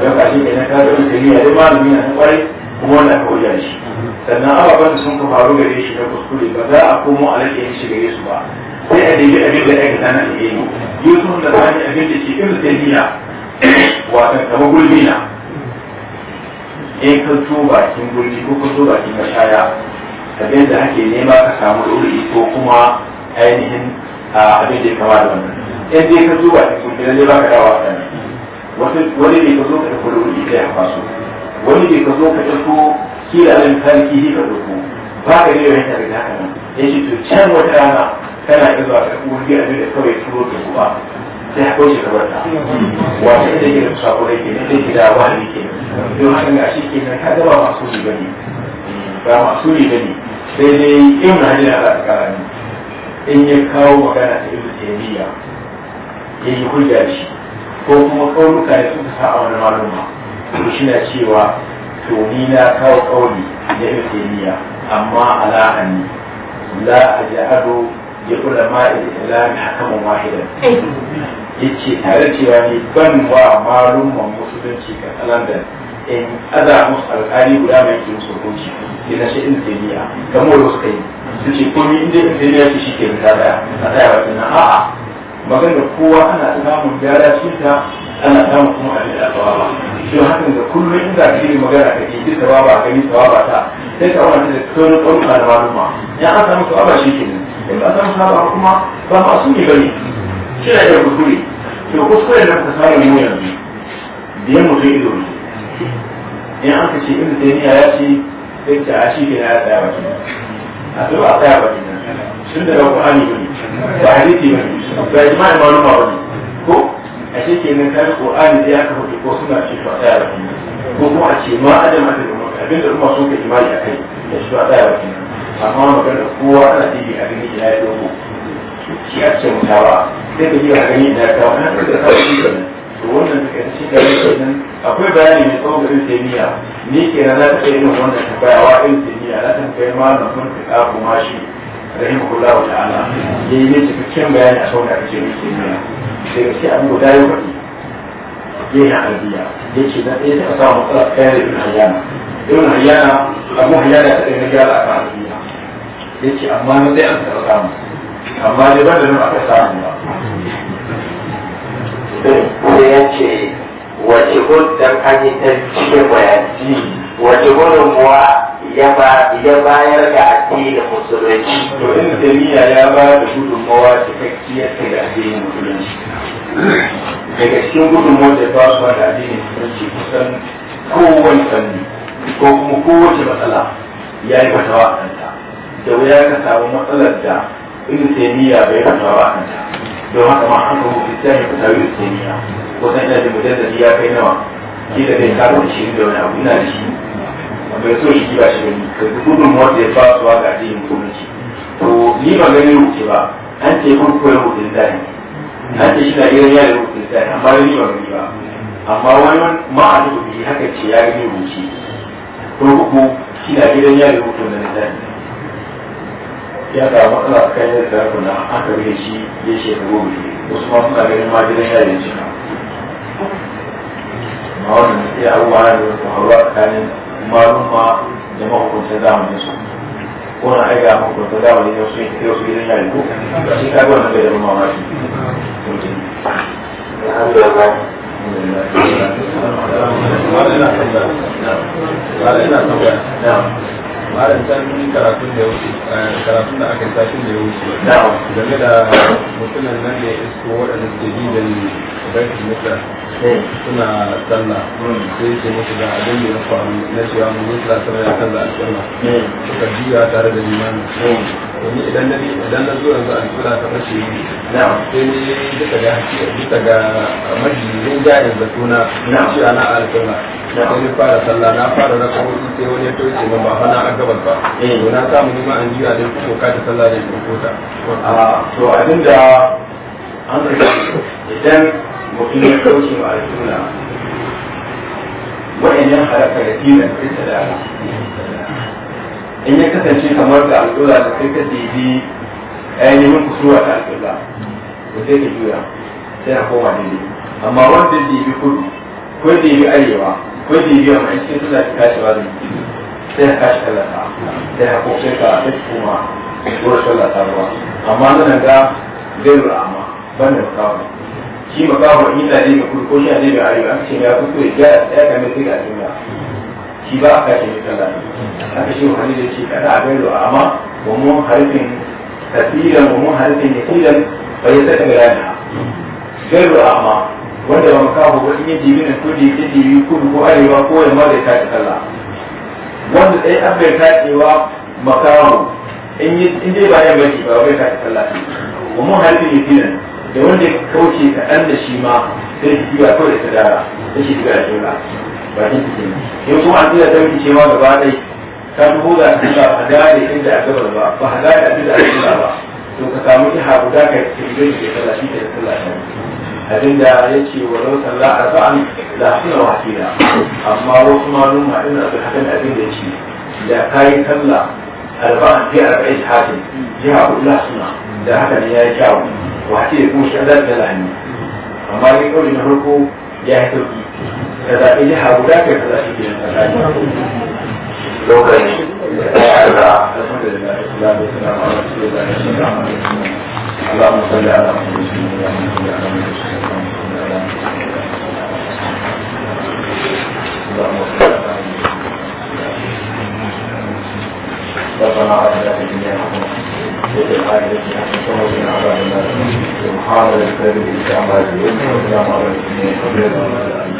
don ka shi kenan ka da Taymiya da malami na kwarai kuma wannan ka hujja shi sannan ababen sun ka faru gare shi na kuskure ba za a komo a alaƙin shi gare su ba sai a daidai abin da aka sana a yi yusuf da sani abin da ke ibn Taymiya wato kama gulbi na in ka zo bakin gulbi ko ka zo bakin mashaya abin da ake nema ka samu ɗori ko kuma ainihin abin da ya kama da wannan in dai ka zuba ta ke kenan ne ba ka dawa kan wani ne ka zo ka tafi wuri kai a faso wani ne ka zo ka tafi kila nan kan kihi ka zo ba ka ne yayin da ka haka nan yace to can wata rana kana iya zuwa ka tafi wuri a da kawai turo ka zuwa sai a kwace ka barta wato inda ke da sako da ke ne sai ke da wani ke don haka ga shi ke nan ka ga ba masu riba ne ba masu riba ne sai dai yin hanyar da aka in ya kawo magana ta ibn taymiya ya yi hujja shi ko kuma ƙaunuka da suka sa a wani maluma to shi na cewa to ni na kawo ƙauni da ibtaniya amma ala'ani la aj'alu li ulama al-islam hakaman wahidan yace tare cewa ni ban wa malumman musulunci ka London in aza musu alƙali guda mai ke musu hukunci ne na shi ibtaniya kamar wasu kai sun ce ko ni inda ibtaniya shi shi ke rika daya a tsaya wa a'a magana kowa ana samun gyara shi ta ana samun kuma a ta wawa shi hakan da kullum inda ka yi magana ka ta wawa ka yi wawa ta sai ka wani da tsoro ɗauka da ma. ya an samu tsawaba shi ke nan in ba samu tsawaba kuma ba masu ne bane shi na yau kuskure to kuskure da ka samu ne yanzu biyan mutum ido ne in an ka ce ibn taymiya ya ce sai ta a shi ke na ya tsaya ba a zuwa a tsaya ba tun da rabu ani ba ba hadisi ba ba ijma'i maluma ba ko a shi ke nan kan qur'ani da aka hudu ko suna ce to a tsaya ba ko kuma a ce ma a da umma abin da umma sun ka a kai da shi ba tsaya ba amma magana kowa ana didi a gani ya yi dogo shi a ce mutawa sai ka ji a gani da ya kawo na da kawo shi to wannan suka ci da nan akwai bayani mai tsawon garin taimiya ni ke na zata kai irin wannan tambaya wa irin taimiya na tambayi ma na mun ka kafu ma shi rahimahullah wa ta'ala yayi ne cikakken bayani a tsawon da ake yi na sai gaske an guda ya faɗi yayi arabiya yace na ɗaya ta samu matsala kai da ibn hayyana ibn hayyana abu hayyana ta ɗaya na gyara a albiya yace amma na dai an taɓa samu amma dai ba da nan aka samu ba sai ya ce wace hudun an yi ta cike bayani wace hudun gudunmuwa ya bayar ga addinin musulunci. To in jami'a ya ba da gudunmuwa cikakkiyar ta ga addinin musulunci. Daga cikin gudunmuwa da ba su da addinin musulunci kusan kowane fanni ko kuma kowace matsala ya yi fatawa a kanta. Da wuya ka samu matsalar da in jami'a bai fatawa a kanta. don haka ma an kawo islami ka tawi da ko kusan ina da mujallabi ya kai nawa ke da bai kawo da shirin da wani abu ina da shi bai so shi ba shi gani ka gudun wanda ya fasuwa ga addinin ci. to ni ba ganin rubuce ba an ce kun koyar rubutun da ne an ce shi da irin yare rubutun da ne amma ni ba gani ba amma wani man ma a rubuce haka ce ya gani ci. ko ku shi da irin yare rubutun da ne ya samu matsala kan yin sarrafa na aka bai shi ya shekaru biyu wasu ma suna ganin ma gidan yare cika ma wannan sai abubuwa na da su haruwa tsakanin malumma da mahukunta zamani su ko na aiga mahukunta zamani ne su yi wasu gidan yare ko shi ka ga bai da mamaki Alhamdulillah. malam can karatun da ya wuce eh, karatun da aka yi da ya wuce game da mutumin nan da ya isko waɗanda suke bi da baitul mutar Eh, suna sallah hmm. sai ce musu da abin da ya faru na cewa ya a sallah hmm. suka juya tare da limani hmm. domin idan na idan na zo ta fashe ni sai ni duka ga duka ga jayin na ce ana a sai ni fara sallah na fara na kawo sai wani ya ba hana gabas ba to na samu nima an juya ta sallah ah, da to abinda an idan mutum ya kauce wa alƙibla wa'annan halaka da dinan ita da in ya kasance kamar ga alƙibla da kai ka dibi ainihin kusurwa ta alƙibla to sai ka juya sai ka koma daidai amma wanda dibi kudu ko dibi arewa ko dibi yamma in cikin suna kashi ba zai sai ka kashi kallata sai ka koma sai ka koma ruwa amma nan ga zai rura amma banda makawa shi makawa in yana ɗaya kudu ko shi yana ɗaya arewa aka ce ya kudu ya ya kame sai ga duniya shi ba aka ce mai kalla aka ce wani da ce kada a gaido a amma wa mun harfin tasirin wa mun harfin yasirin bai ya saka gani gaido a amma wanda ba makawa ba in ya jibi na kudu jibi kudu ko arewa ko yamma da ya tashi kalla wanda ɗaya an bai tashewa makawa in dai ba yamma ba bai tashi kalla wa mun ya yasirin da wanda ya kauce kaɗan da shi ma sai shi kiwa kawai da sadara sai shi kiwa da ba shi su kenan yau kuma an tsira ta wuce ma gaba ɗai ka dubo da aka ba a gane inda a gabar ba ba a da abin da aka bar ba to ka samu iha guda ka yi da ke sallah shi ke da sallah abin da ya ce wa lau sallah arba'an la suna da amma wasu ma nuna ina da hakan abin da ce da kayi sallah arba'an fi arba'in hatin jiha kula suna da hakan ya yi kyawu وحكي لكم شهادات لا عني وما يقول إنه لكم جاه تركي كذا إلي حابولا كيف لا شكي لو كان اللهم صل على محمد ربنا اعطنا في الدنيا حسنه سبحان الله الذي أعمال السلام عليكم ورحمة الله